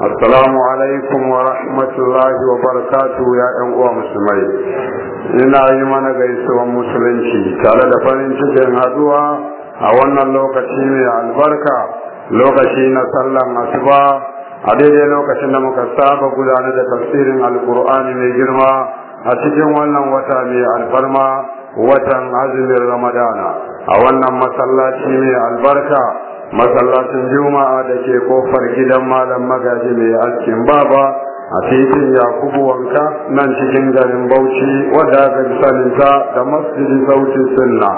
assalamu alaikum wa rahmatullahi wa barakatuh ya yan uwa musulmai ina yi mana gaisuwan musulunci tare da farin cikin haduwa a wannan lokaci mai albarka lokaci na sallan asuba a daidai lokacin da muka saba gudanar da tafsirin alkur'ani mai girma a cikin wannan wata mai alfarma watan azumin ramadana a wannan masallaci mai albarka masallacin juma'a da ke kofar gidan malam magaji mai askin baba a titin yakubu wanka nan cikin garin bauchi wadda aka misalinta da masjidin sauti sunna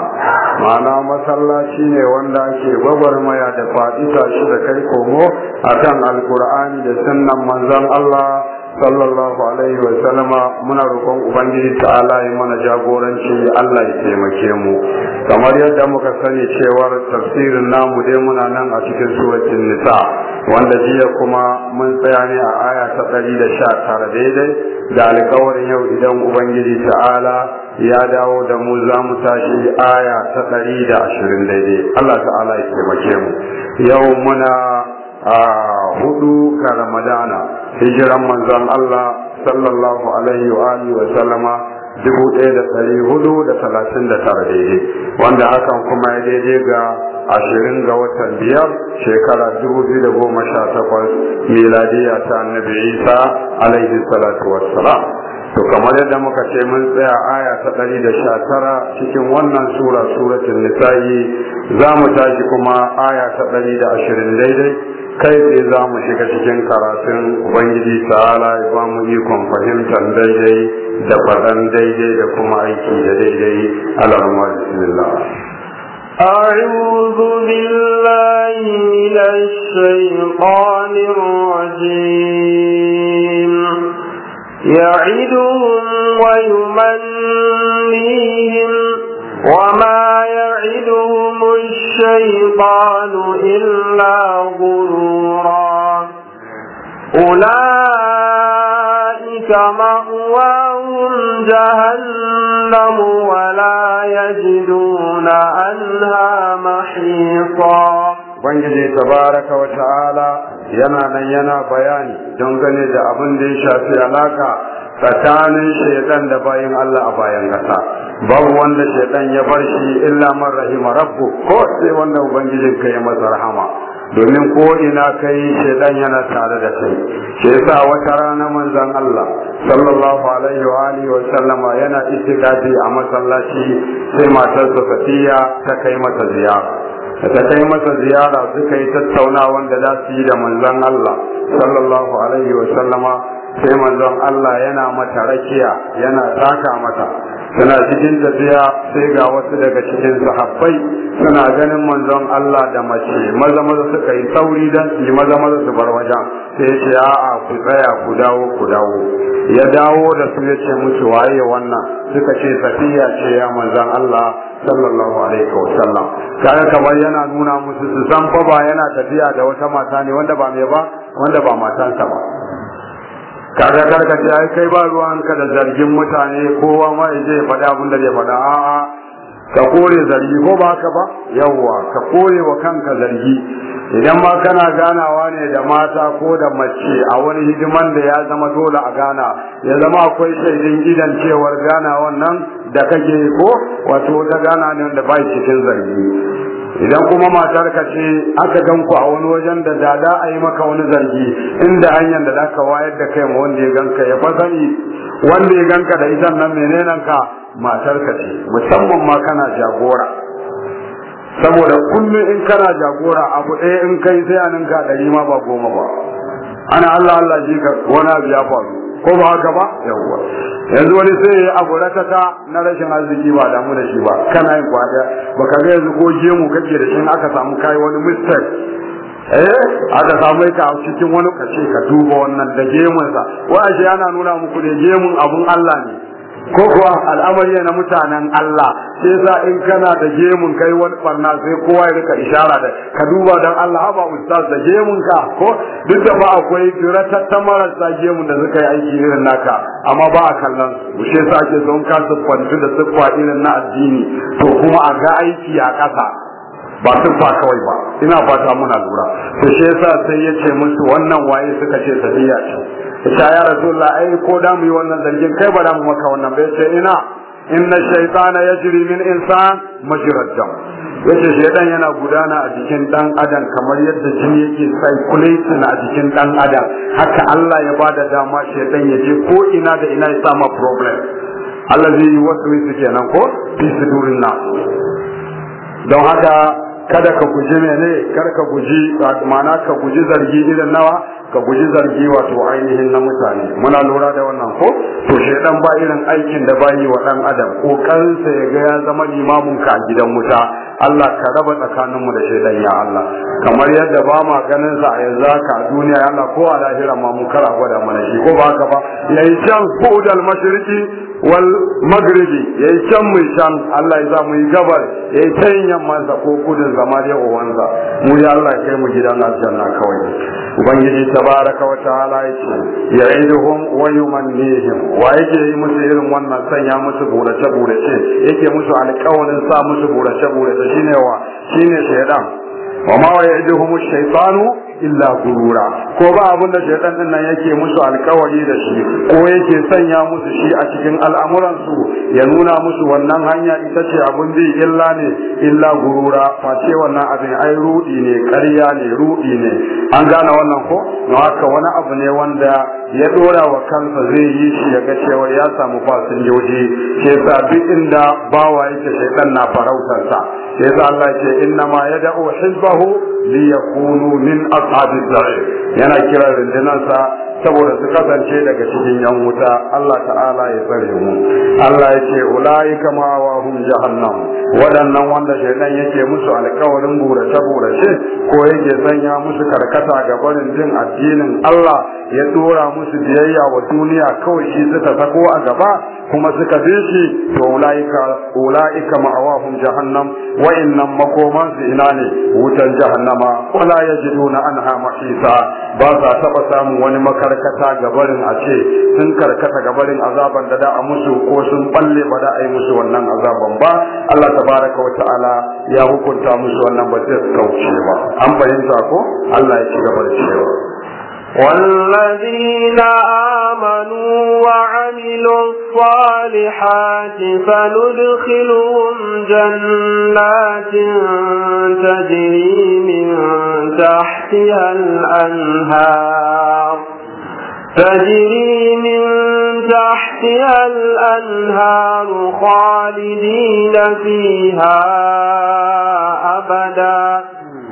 ma'ana masallaci ne wanda ake gwagwarmaya da faɗi shi da kai komo a kan alkur'ani da sunnan manzon allah sallallahu alaihi wa sallama muna roƙon ubangiji ta'ala ya mana jagoranci Allah ya taimake mu kamar yadda muka sani cewar tafsirin namu dai muna nan a cikin suratul nisa wanda jiya kuma mun tsaya ne a aya ta ɗari da sha 119 daidai da alƙawarin yau idan ubangiji ta'ala ya dawo da mu za mu tashi aya ta ɗari da ashirin daidai Allah ta'ala ya taimake mu yau muna a hudu ga ramadana hijiran manzon Allah sallallahu alaihi wa alihi wa sallama dubu ɗaya da ɗari hudu da talatin da tara daidai wanda hakan kuma ya daidai ga ashirin ga watan biyar shekara dubu biyu da goma sha takwas miladiya ta annabi isa alaihi salatu wassalam to kamar yadda muka ce mun tsaya aya ta ɗari da sha tara cikin wannan sura suratun nisa'i za mu tashi kuma aya ta ɗari da ashirin daidai kai ne za mu shiga cikin karatun ubangiji ta'ala ya ba mu ikon fahimtar daidai da faɗan daidai da kuma aiki da daidai alarma bismillah أعوذ بالله من الشيطان الرجيم يعدهم ويمنيهم وما يعدهم الشيطان إلا غرورا أولئك مأواهم جهنم ولا يجدون عنها محيطا Ubangiji tabaraka wa ta'ala yana nan yana bayani don gane da abin da ya shafi alaka tsakanin shaidan da bayan Allah a bayan gasa babu wanda shaitan ya bar shi illa man rahima rabbu ko sai wanda ubangijin ka ya masa rahama domin ko ina kai shaitan yana tare da kai shi yasa wata rana manzon Allah sallallahu alaihi wa alihi wa sallama yana istiqati a masallaci sai sa Safiya ta kai masa ziyara ta kai masa ziyara suka yi tattaunawa da za su yi da manzon Allah sallallahu alaihi wa sallama sai manzon Allah yana mata rakiya yana taka mata suna cikin tafiya sai ga wasu daga cikin sahabbai suna ganin manzon Allah da mace maza maza suka yi sauri dan su yi maza maza su bar wajen sai ce a ku tsaya ku dawo ku dawo ya dawo da su ya ce musu waye wannan suka ce safiya ce ya manzon Allah sallallahu alaihi wasallam kaga kamar yana nuna musu su san fa ba yana tafiya da wata mata ne wanda ba mai ba wanda ba matansa ba kaga karka ce ai kai ba ruwan ka da zargin mutane kowa ma ya je ya abin da zai faɗa a'a ka kore zargi ko ba ka ba yawwa ka kore wa kanka zargi idan ma kana ganawa ne da mata ko da mace a wani hidiman da ya zama dole a gana ya zama akwai shaidin gidan cewar ganawan nan da kake ko wato ta gana ne da ba cikin zargi idan kuma matarka ce aka gan ku a wani wajen da da za a yi maka wani zargi inda hanyar da za ka wayar da kai ma wanda ya ganka ya fa sani wanda ya ganka da ita nan menene ka matar ce musamman ma kana jagora saboda kullum in kana jagora abu ɗaya in kai sai a ninka ɗari ma ba goma ba ana Allah Allah ji ka wani abu ya faru ko ba haka ba yawwa yanzu wani sai ya abu ta na rashin arziki ba damu da shi ba kana yin Ba ka ga yanzu ko gemu kake da shi aka samu kai wani mistake eh aka samu ka a cikin wani kace ka duba wannan da gemunsa wa ashe ana nuna muku da gemun abun Allah ne ko kuwa al'amari na mutanen Allah sai za in kana da gemun kai wani barna sai kowa ya rika ishara da ka duba dan Allah ba ustaz da gemun ka ko duk da ba akwai ta marasa gemun da suka yi aiki irin naka amma ba a kallon su sai sa ake son ka da siffa irin na addini to kuma a ga aiki a ƙasa ba fa kawai ba ina fata muna lura to sai sa sai ya ce musu wannan waye suka ce tafiya ce sha ya rasulullah ai ko da mu yi wannan zargin kai ba da mu maka wannan ba yace ina inna shaytana yajri min insan majrad dam yace shaytan yana gudana a jikin dan adam kamar yadda jini yake circulating a jikin dan adam haka Allah ya bada dama shaytan ya je ko ina da ina ya sama problem Allah zai yi wasu wisu kenan ko fi sudurin na don haka kada ka guji ne kada ka guji ma'ana ka guji zargi irin nawa ka guji zargi wato ainihin na mutane muna lura da wannan ko to dan ba irin aikin da bayi wa dan adam kokarinsa ya ga ya zama limamin ka a gidan wuta Allah ka raba tsakanin mu da shedan ya Allah kamar yadda ba ma ganin sa a yanzu ka duniya ya Allah ko a lahira ma mun kara gwada mana shi ko ba haka ba yayi can fudal mashriqi wal maghribi yayi can mu can Allah ya za mu yi gabar yayi can yamman sa ko kudin zama da uwansa mu ya Allah kai mu gidan aljanna kawai ubangiji tabaraka wa ta'ala yake ya'iduhum wa yumannihim wa yake yi musu irin wannan sanya musu burace burace yake musu alƙawarin sa musu burace burace shine wa shine shaydan wa ma ya'iduhum ash-shaytanu illa gurura? ko ba abin da shaitan din nan yake musu alkawari da shi ko yake sanya musu shi a cikin al'amuransu ya nuna musu wannan hanya ita ce abin bi illa ne illa gurura face wannan abin ai rudi ne ƙarya ne rudi ne an gane wannan ko na haka wani abu ne wanda ya dora wa kansa zai yi shi ya ga cewa ya samu fasinjoji ke sa duk inda bawa yake shaitan na farautarsa ke sa Allah ce inna ma ya da'u hizbahu li yakunu min ashabiz yana kira rundunarsa saboda su kasance daga cikin yan wuta Allah ta'ala ya tsare mu Allah ya ce ulai ma wa hum jahannam waɗannan wanda shaidan yake musu alƙawarin burace burace ko yake sanya musu karkata ga barin jin addinin Allah ya dora musu biyayya wa duniya kawai shi suka sako a gaba kuma suka bi shi to ulaika ulaika ma'awahum jahannam wa innam makoman su ina ne wutan jahannama wala yajiduna anha mahisa ba sa taba samun wani maka karkata ga barin a ce sun karkata ga barin azaban da da a musu ko sun balle ba da a yi musu wannan azaban ba Allah tabaraka wa ta'ala ya hukunta musu wannan ba sai kauce ba an fahimta ko Allah ya ci gaba da cewa والذين آمنوا وعملوا الصالحات فندخلهم جنات تجري من تحتها الأنهار تجري من تحتها الأنهار خالدين فيها أبدا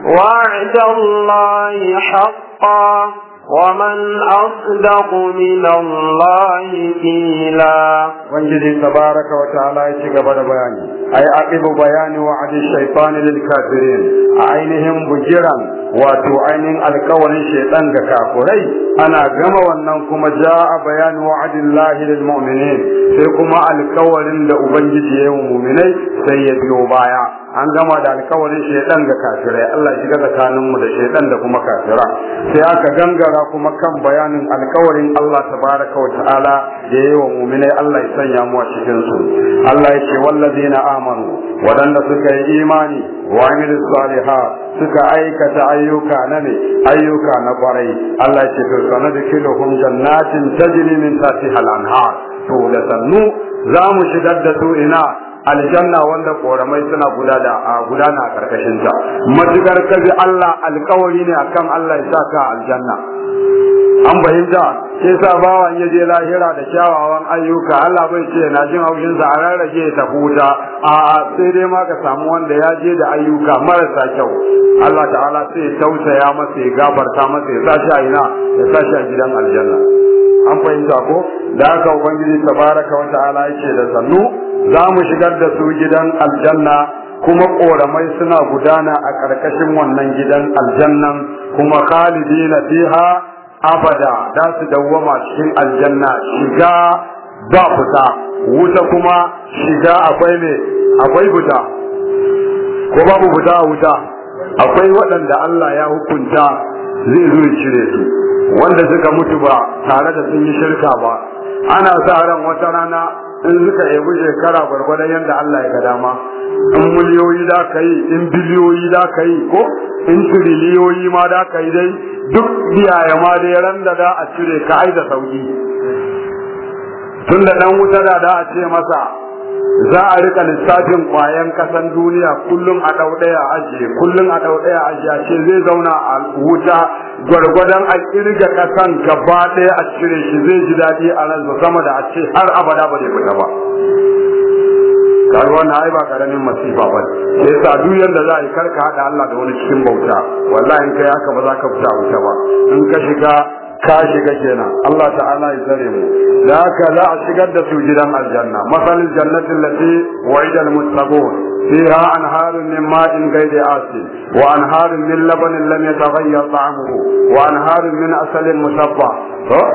وعد الله حقا ومن أصدق من الله قيلا da bayani. Ai يتقب بياني أي أقب بياني وعد الشيطان للكافرين عينهم بجرا wato ainihin alkawarin shaitan ga kafurai ana gama wannan kuma ja a bayani wa'adin lahirin mu'minin sai kuma alkawarin da ubangiji ya yi mu'minai sai ya biyo baya an gama da alkawarin shaidan ga kafirai Allah ya shiga tsakanin mu da shaidan da kuma kafira sai aka gangara kuma kan bayanin alkawarin Allah tabaraka wa ta'ala da yayi wa mu'minai Allah ya sanya mu a cikin su Allah ya ce wallazina amanu wadanda suka yi imani wa amilus salihat suka aikata ayyuka na ne ayyuka na kwarai Allah ya ce to sanadkiluhum jannatin tajri min tahtiha al-anhar to da sannu za mu shigar da su ina aljanna wanda koramai suna gudana a gudana a karkashin ta matukar kaji Allah alkawari ne akan Allah ya saka aljanna an fahimta sai sa bawan ya je lahira da kyawawan ayyuka Allah bai ce na jin haushin sa a rarrage ta huta a sai dai ma ka samu wanda ya je da ayyuka marasa kyau Allah ta'ala sai ya tausaya masa ya gafarta masa ya sashi a ina ya sashi a gidan aljanna an fahimta ko da haka ubangiji tabaraka wa ta'ala yake da sannu za mu shigar da su gidan aljanna kuma ƙoramai suna gudana a ƙarƙashin wannan gidan aljannan kuma Khalidi, fiha abada za su dawwama cikin aljanna shiga ba fita wuta kuma shiga akwai me akwai fita ko babu fita a wuta akwai waɗanda Allah ya hukunta zai zo cire su wanda suka mutu ba tare da sun yi shirka ba ana sa ran wata rana in suka ebi shekara gwargwadon yadda Allah ya ga dama in miliyoyi da ka in biliyoyi da ka ko in tiriliyoyi ma da ka dai duk biyaya ma dai ran da da a cire ka aida sauki tun dan wuta da da a ce masa za a rika lissafin kwayan kasan duniya kullum a ɗau ɗaya ajiye kullum a ɗau ɗaya ajiye ce zai zauna a wuta gwargwadon a kirga kasan gaba ɗaya a cire shi zai ji daɗi a ransa sama da a ce har abada ba zai fita ba kaga wannan ba karamin masifa ba sai yasa duk yanda za a yi karka hada Allah da wani cikin bauta wallahi in kai haka ba za ka fita wuta ba in ka shiga ka shiga kenan Allah ta'ala ya tsare mu da haka za a shigar da su gidan aljanna masalin jannatin lati wa'idal muttaqun فيها أنهار من ماء غير آسن وأنهار من لبن لم يتغير طعمه وأنهار من عسل مصفى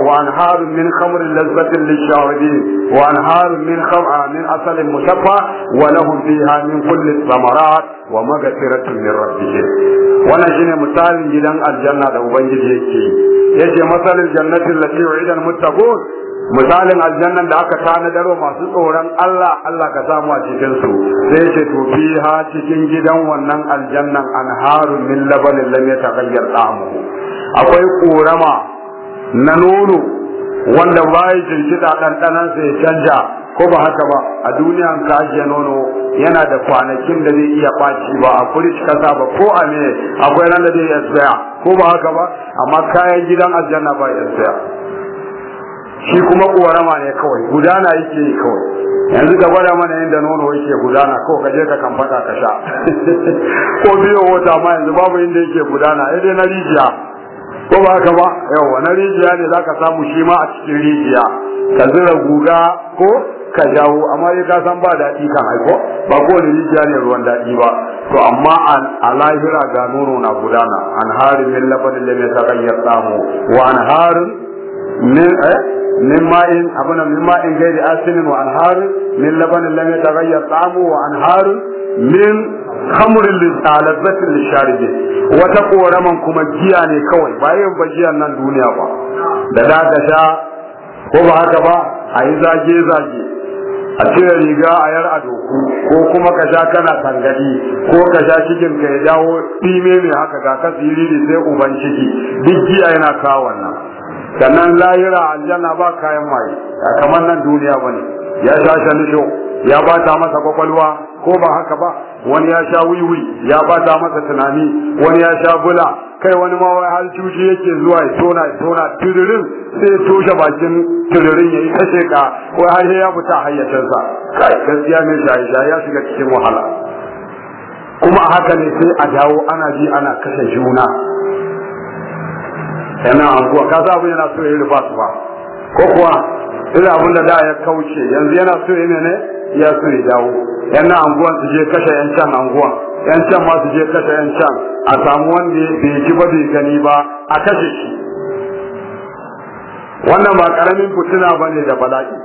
وأنهار من خمر لذة للشاربين وأنهار من خمر من عسل مصفى ولهم فيها من كل الثمرات ومغفرة من ربهم وانا شنو مثال جدًا الجنة da ubangiji yake yace masalin jannatin lati yu'idul muttaqun misalin aljannan da aka tanadar wa masu tsoron Allah Allah ka samu a cikin su sai ce to ha cikin gidan wannan aljannan anharun min labanin lam yataghayyar ta'amu akwai korama na nono wanda bai jirkida dandanan sa ya canja ko ba haka ba a duniyan ka ajiye nono yana da kwanakin da zai iya kwaci ba a firij kasa ba ko a me akwai ran da zai iya tsaya ko ba haka ba amma kayan gidan aljanna ba ya tsaya shi kuma ƙorama ne kawai gudana yake yi kawai yanzu ga gwada mana yadda nono yake gudana ko ka je ka kamfata ka sha ko biyo wata ma yanzu babu inda yake gudana idan dai na rijiya ko ba haka ba yawa na rijiya ne zaka samu shi ma a cikin rijiya ka zira guga ko ka jawo amma dai ka san ba daɗi kan haiko ba ko ne rijiya ne ruwan daɗi ba to amma a lahira ga nono na gudana an harin min labarin da mai samu wa an harin min eh, min ma'in abuna min ma'in gairi asin wa anharun min labanin lam yataghayyar ta'amu wa anharun min khamrin lisalatin lisharibi wata ƙoraman kuma jiya ne kawai ba yin ba giyan nan duniya ba da da ka sha ko ba haka ba a yi zage zage a cire riga a yar ado, doku ko kuma ka sha kana tangadi ko ka sha cikin ka ya dawo ɗime ne haka ga kasiri ne sai uban ciki duk jiya yana kawo nan. sannan lahira aljanna ba kayan maye kamar nan duniya bane ya sha shanisho ya bata masa kwakwalwa ko ba haka ba wani ya sha wiwi ya bata masa tunani wani ya sha bula kai wani ma wai har cuci yake zuwa ya tona ya tona Tudurin sai toshe bakin tudurin ya yi ta sheka ko har ya fita hayyacinsa kai gaskiya ne shaye-shaye ya shiga cikin wahala kuma haka ne sai a dawo ana ji ana kashe juna yana anguwa ka za abin yana so ya rufa su ba ko kuwa duk abin da da ya kauce yanzu yana so ya ne ya so ya dawo yana anguwan su je kashe yan can anguwan yan can ma su je kashe yan can a samu wanda bai ji ba bai gani ba a kashe shi wannan ba karamin fitina bane da bala'i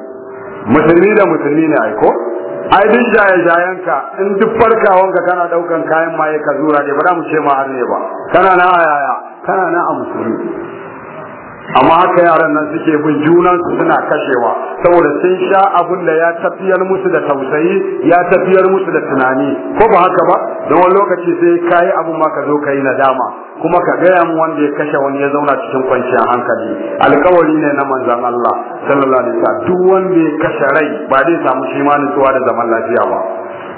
musulmi da musulmi ne ai ko ai duk jaye jayenka in duk farkawanka kana daukan kayan maye ka zura ne ba da mu ce ma har ne ba kana na ayaya tana nan a musulmi amma haka yaran nan suke bin junan su suna kashewa saboda sun sha abin da ya tafiyar musu da tausayi ya tafiyar musu da tunani ko ba haka ba don wani lokaci sai kayi abin ma ka zo kayi nadama kuma ka gaya mu wanda ya kashe wani ya zauna cikin kwanciyar hankali alkawari ne na manzon Allah sallallahu alaihi wasallam duk wanda ya kashe rai ba zai samu shi ma nutsuwa da zaman lafiya ba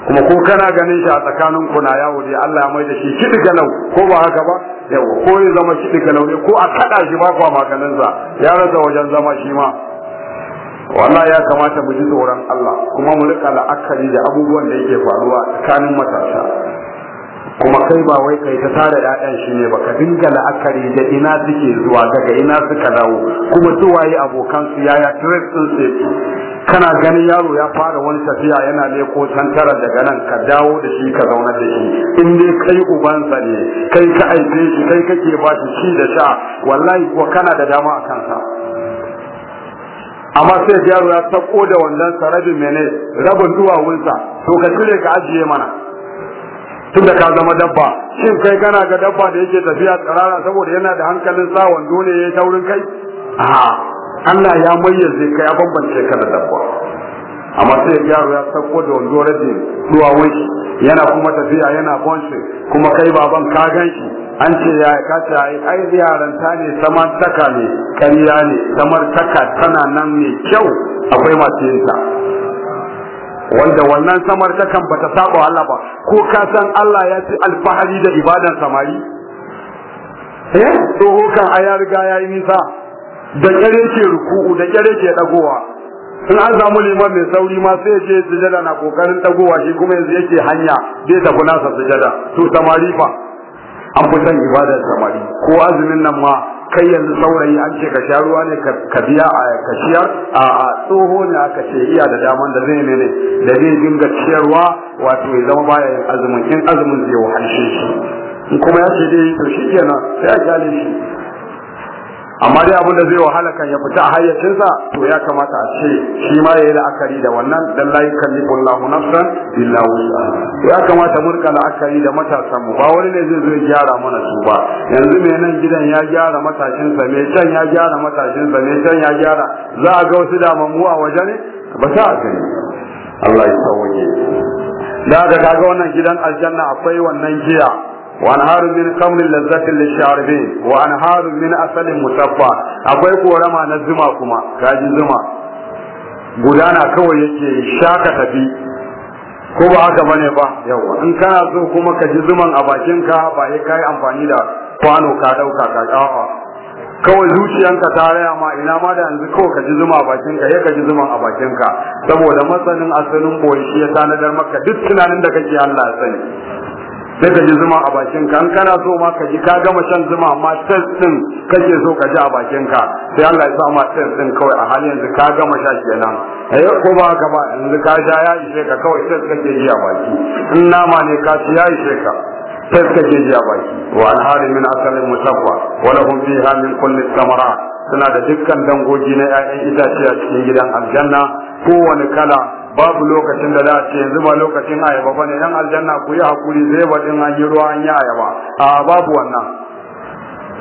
kuma ko kana ganin shi a tsakanin ku na yawo dai Allah ya mai da shi kidigalau ko ba haka ba Yau, ko ya zama shi daga launi ko a kada shi ba kwa makaninsa ya rasa wajen zama shi ma wallah ya kamata mu ji tsoron Allah kuma mu rika la'akari da abubuwan da yake faruwa tsakanin matasa kuma kai ba wai kai ta da ɗan shi ne ba ka dinga la'akari da ina suke zuwa daga ina suka dawo kuma waye abokan su yaya trip sun ce kana ganin yaro ya fara wani tafiya yana leko tantara daga nan ka dawo da shi ka zauna da shi in dai kai ubansa ne kai ka aike shi kai kake ba shi ci da sha wallahi ko kana da dama a kansa amma sai yaro ya sako da wannan sarabin mene rabin duwawunsa to ka cire ka ajiye mana tunda ka zama dabba shin kai kana ga dabba da yake tafiya tsirara saboda yana da hankalin sa dole ya yayi taurin kai a Allah ya mayyaze kai ya bambance ka da dabba amma sai yaro ya sako da wando rabi zuwa wani yana kuma tafiya yana kwanci, kuma kai baban ka ganshi an ce ya ka ce ai yaran ta ne samar taka ne kariya ne samar taka tana nan ne, kyau akwai masu yin wanda wannan samar ta kan bata saba Allah ba ko ka san Allah ya ci alfahari da ibadan samari eh tsoho kan a riga yayi nisa da kare ke ruku'u da kare ke dagowa in an samu liman mai sauri ma sai ya je sujada na kokarin dagowa shi kuma yanzu yake hanya bai tafi nasa sujada to samari fa an fi san ibadar samari ko azumin nan ma kai yanzu saurayi an ce ka sha ruwa ne ka biya a ka A'a a tsoho ne aka ce iya da daman da zai ne da zai dinga ciyarwa wato ya zama baya yin azumin in azumin zai wahalshe shi kuma ya ce dai to shi kenan sai a kyale shi amma dai abin da zai wahala kan ya fita a hayyacinsa to ya kamata a ce shi ma ya yi la'akari da wannan dan layi yukallifu Allahu nafsan illa wus'a ya kamata mu rika la'akari da matasan mu ba wani ne zai zo ya gyara mana su ba yanzu me nan gidan ya gyara matashinsa, me can ya gyara matashinsa, me can ya gyara za a ga wasu damammu a waje ne ba sa a gani Allah ya sauke da ga kaga wannan gidan aljanna akwai wannan giya وانهار من خمر لذة للشاربين وانهار من أصل مصفى akwai korama na zuma kuma kaji zuma gudana kawai yake shaka ko ba haka bane ba yawa in kana so kuma ka ji zuman a bakinka ba sai kai amfani da kwano ka dauka ka a'a kawai zuciyanka ta raya ma ina ma da yanzu kawai ka ji zuma a bakinka ya ka ji zuman a bakinka saboda masanin asalin boye shi ya tanadar maka duk tunanin da kake Allah ya sani sai ka ji zuma a bakin ka an kana so ma ka ji ka gama shan zuma amma test din kake so ka ji a bakin ka sai Allah ya sa ma test din kawai a halin yanzu ka gama sha kenan eh ko ba ka ba yanzu ka sha ya ishe ka kawai test kake ji a baki in nama ne ka ci ya ishe ka test kake ji a baki wa alhari min asalin musabba wa lahum fiha min kulli suna da dukkan dangogi na 'ya'yan itace a cikin gidan aljanna kowane kala babu lokacin da za a ce yanzu ba lokacin ayaba ba ne, nan aljanna ku yi hakuri ba baɗin an yi ruwa an yi ayaba a babu wannan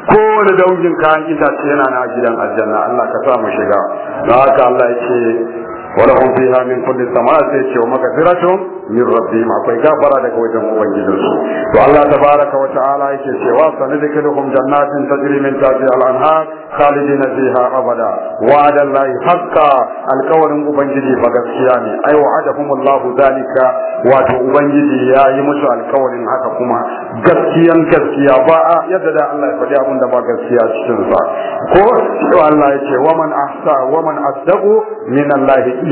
Ko kowane daujin kayan itace yana na gidan aljanna Allah ka sa mu shiga don haka Allah ya ولهم فيها من كل الثمرات ومغفرة من ربهم akwai gafara daga wajen ubangijinsu to Allah tabaraka wa ta'ala yake cewa sanadkiluhum jannatin tajri min tahtiha al-anhar khalidina fiha abada wa'ada Allah haqqa alqawlin ubangiji fa gaskiya ne ai wa'adahum Allah zalika wato ubangiji ya yi musu alqawlin haka kuma gaskiyan gaskiya ba yadda da Allah ya faɗi abin da ba gaskiya cikin sa ko Allah ya ce wa man ahsa wa man asdaqu min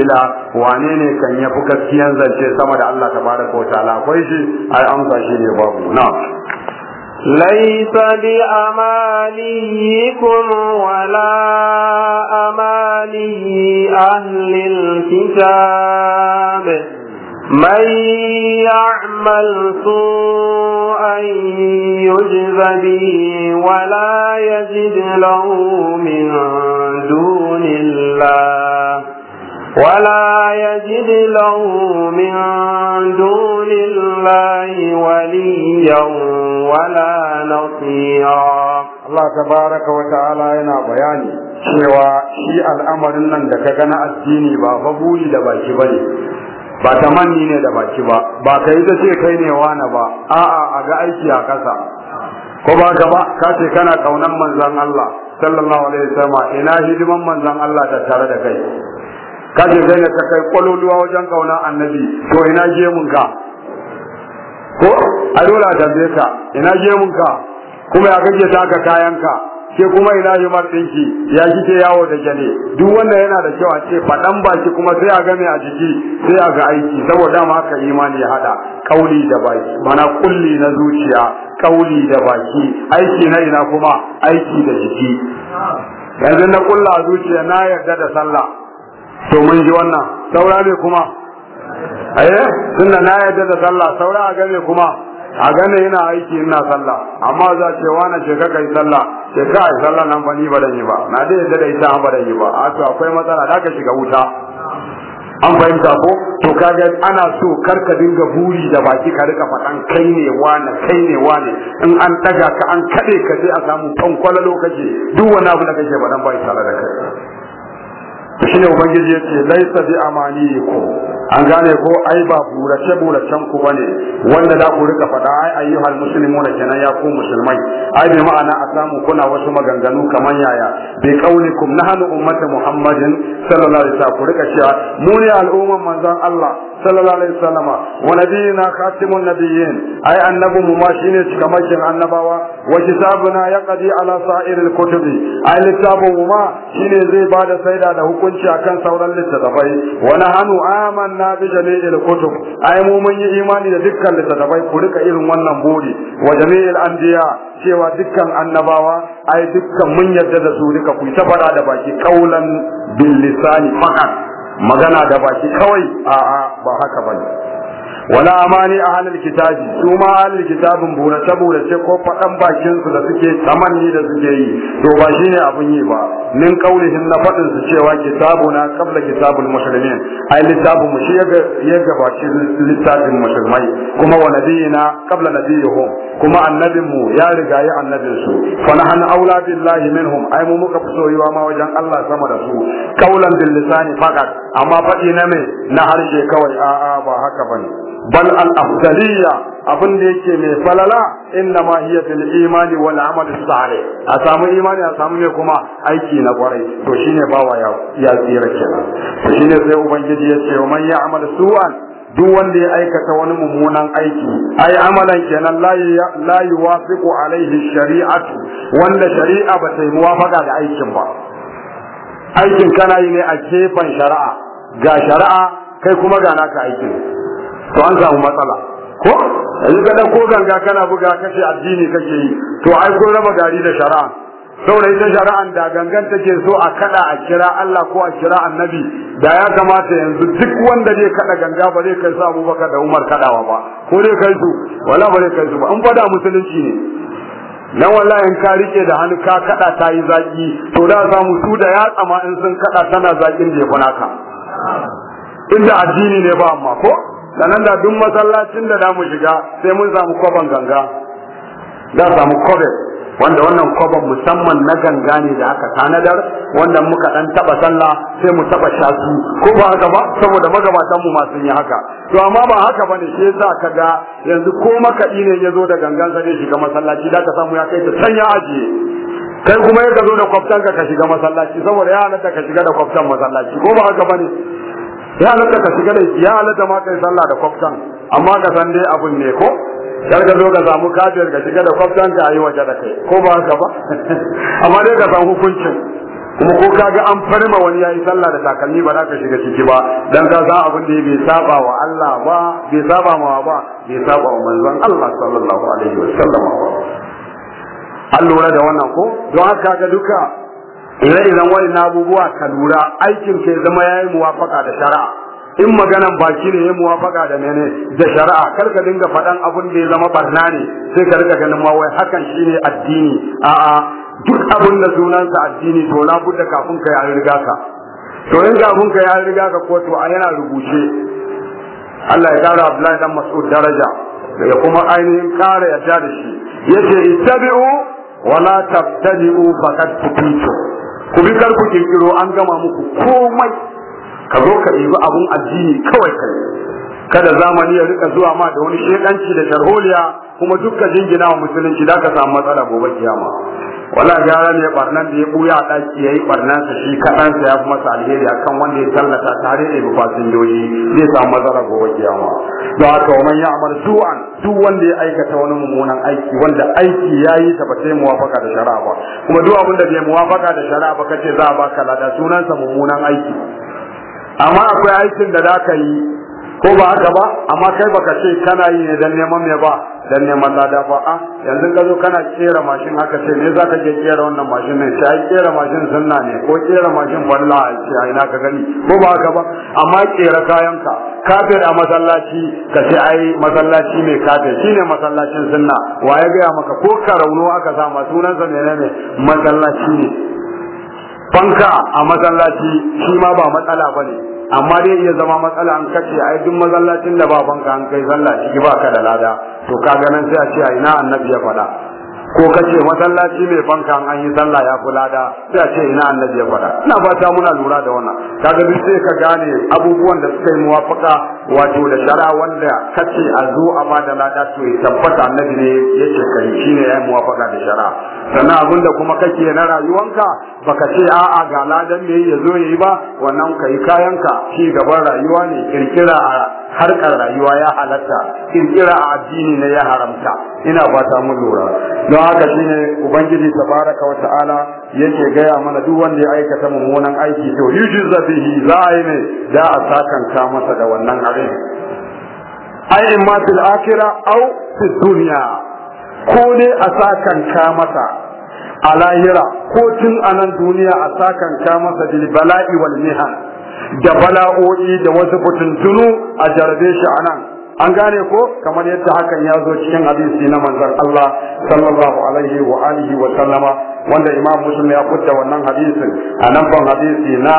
ila wane ne kan yafi gaskiyan zance sama da Allah tabaraka wa ta'ala akwai shi ai amsa shi ne babu na'am ليس بأمانيكم ولا أماني أهل الكتاب من يعمل سوءا يجز به ولا يجد له من دون الله ولا يجد له من دون الله وليا ولا نصيرا الله تبارك وتعالى ينا بياني cewa shi al'amarin nan da ka gana addini ba fa buri da baki ne, ba tamanni ne da baki ba ba yi ta ce kai ne wane ba a'a a ga aiki a kasa ko ba ka ba ka ce kana kaunan manzan Allah sallallahu alaihi wasallam ina hidiman manzan Allah ta tare da kai ka je zaina ta kai kwaloluwa wajen kauna annabi to ina gemun ko a dole a tambaye ka ina gemun ka kuma ya kake taka kayanka ke kuma ina himar ɗinki ya kike yawo da gane duk wanda yana da kyau a ce faɗan baki kuma sai a game a jiki sai a ga aiki saboda ma haka imani ya haɗa kauli da baki mana kulli na zuciya kauli da baki aiki na ina kuma aiki da jiki yanzu na kulla a zuciya na yarda da sallah to mun ji wannan saura ne kuma aye eh, tunda na yadda da sallah saura a game kuma a gane yana aiki ina sallah amma za ce wani ce ka kai sallah ce ka ai sallah nan fa ba yi ba na dai yadda da ita an ba yi ba a to akwai matsala da ka shiga wuta an fahimta ko to kaga ana so kar ka dinga buri da baki ka rika faɗan kai ne wani kai ne wani in an taga ka an kaɗe ka sai a samu kwankwala lokaci duk wani abu da kake faɗan ba tare da kai shi ne ubangiji ya ce laisa bi amani ku an gane ko ai ba burace buracen ku bane wanda za ku rika faɗa ai ayyuhal muslimuna kenan ya ku musulmai ai bi ma'ana a samu kuna wasu maganganu kamar yaya bi na nahnu ummatu muhammadin sallallahu alaihi wasallam ku rika cewa mu ne al'umman manzon Allah sallallahu alaihi wasallama wa nabiyina khatimun nabiyyin ai Annabin mu ma shine shugabancin annabawa wa kitabuna ya qadi ala sa'ir al kutubi ai littafin mu ma shine zai bada saida da hukunci akan sauran littafai Wani hannu amanna bi jami'i al kutub ai mu mun yi imani da dukkan littafai ku rika irin wannan buri wa jami'i al cewa dukkan annabawa ai dukkan mun yarda da su rika ku ta fara da baki qaulan bil lisani fakat magana da baki kawai a'a ba haka bane wala amani ahlul kitabi su ma ahlul kitabin bura saboda ce ko fadan bakin su da suke tamanni da suke yi to ba shine abun yi ba min qaulihin na fadin su cewa kitabuna qabla kitabul muslimin ai littafin mu shi ya bakin littafin musulmai kuma wa nabiyina qabla nabiyihum kuma annabin mu ya riga ya annabin su fa nahan auladillahi minhum ai mu muka fi soyuwa ma wajen Allah sama da su kaulan bil lisani faqat amma faɗi na me na harshe kawai a'a ba haka bane bal al afdaliya abin da yake mai falala inna ma hiya fil imani wal amal salih a samu imani a samu ne kuma aiki na kwarai to shine bawa ya ya tsira kenan sai ubangiji ya ce man ya'mal su'an duk wanda ya aikata wani mummunan aiki ai amalan kenan la yuwafiqu alaihi shari'atu wanda shari'a ba ta yi muwafaka da aikin ba aikin kana yi ne a gefen shari'a ga shari'a kai kuma ga naka aikin to an samu matsala ko yanzu ka ko ganga kana buga kace addini kake yi to ai ko raba gari da shari'a saboda ta shari'an da gangan take so a kada a kira Allah ko a kira annabi da ya kamata yanzu duk wanda zai kada ganga ba zai kai su Abubakar da Umar kadawa ba ko dai kai su wala ba zai kai su ba an fada musulunci ne na wallahi in ka rike da hannu ka kada ta yi zaki to da samu su da ya tsama in sun kada tana zakin da ya ka inda addini ne ba amma ko sanan da duk masallacin da mu shiga sai mun samu kwaban ganga da samu kwabe wanda wannan kwaban musamman na ganga ne da aka tanadar wanda muka dan taba sallah sai mu taba shafi. ko ba haka ba saboda magabatan mu masu yi haka to amma ba haka bane shi yasa ka ga yanzu ko makaɗi ne ya zo da gangan sa zai shiga masallaci da ka samu ya kai ta sanya ajiye kai kuma ya zo da kwaftan ka shiga masallaci saboda ya halatta ka shiga da kwaftan masallaci ko ba haka bane ya halatta ka shiga da ya halatta ma kai sallah da kwaftan amma ka san dai abun ne ko kar ka zo ka samu kafiyar ka shiga da kwaftan ka yi waje da kai ko ba haka ba amma dai ka san hukuncin kuma ko ka ga an farma wani yayi sallah da takalmi ba za ka shiga ciki ba dan ka san abin da bai saba wa Allah ba bai saba ma ba bai saba wa manzon Allah sallallahu alaihi wasallam ba an lura da wannan ko don haka ga duka ire-iren wani abubuwa ka lura aikin ke zama ya yi muwafaka da shari'a in maganan baki ne ya muwafaka da mene da shari'a kar ka dinga faɗan abun da ya zama barna ne sai ka rika ganin ma wai hakan shine addini a'a duk abin da sunansa addini to budda kafin ka yi riga ka to in kafin ka yi riga ka ko to a yana rubuce Allah ya kara Abdullahi dan Mas'ud daraja ya kuma ainihin kara yarda da shi yace ittabi'u wala tabtadi'u faqad tufitu ku bi kar ku kirkiro an gama muku komai ka zo ka ibi abun addini kawai kai kada zamani ya rika zuwa ma da wani shedanci da sharholiya kuma dukkan jingina wa musulunci da ka samu matsala gobe kiyama wala gyara ne barnan da ya buya a ɗaki ya yi barnan sa shi kaɗansa ya fi masa alheri akan wanda ya tallata tare da bukatun fasinjoji zai samu matsala gobe kiyama Da haka wa man ya'mal su'an duk wanda ya aikata wani mummunan aiki wanda aiki ya yi ta ba sai muwafaka da shari'a ba kuma duk abin da bai muwafaka da shara'a ba kace za a baka lada sunansa mummunan aiki amma akwai aikin da za ka yi ko ba haka ba amma kai baka ce kana yi ne dan neman me ba dan neman lada ba a ah, yanzu ka zo kana kera mashin haka ce me zaka je kera wannan mashin ne sai kera mashin sunna ne ko kera mashin balla ce ai na ka gani ko ba haka ba amma kera kayan ka kafir a masallaci ka ce ai masallaci mai kafir shine masallacin sunna waye ga maka ko ka rauno aka sa ma sunansa menene masallaci ne fanka a masallaci shi ma ba matsala bane amma dai iya zama matsala an kace ai duk mazallacin da ka an kai sallah ba ka da lada to ka ganin sai a ce ai na annabi ya faɗa ko kace mazallaci mai fanka an yi sallah ya fi lada sai a ce ina annabi ya fada ina fata muna lura da wannan kaga duk sai ka gane abubuwan da suka yi muwafaka wato da shara wanda kace a zo a bada da lada to ya tabbata annabi ne ya ce kai shine ya muwafaka da shara sannan abin da kuma kake na rayuwanka baka ce a'a ga ladan ne ya zo yayi ba wannan kai kayanka Shi gaban rayuwa ne kirkira a harkar rayuwa ya halatta kirkira a addini ne ya haramta ina fata mu lura don haka shine ubangiji tabaraka wa ta'ala yake gaya mana duk wanda ya aikata mummunan aiki to yujza bihi za yi ne da a sakan sakanta masa da wannan abin ai imma ma fil akhirah aw fi dunya ko ne a sakanta masa a lahira ko tun a nan duniya a sakanta masa bil bala'i wal mihan da bala'o'i da wasu fitintunu a jarabe shi a nan an gane ko kamar yadda hakan ya zo cikin hadisi na manzon Allah sallallahu alaihi wa alihi wa sallama wanda imam muslim ya kutta wannan hadisin a nan ban hadisi na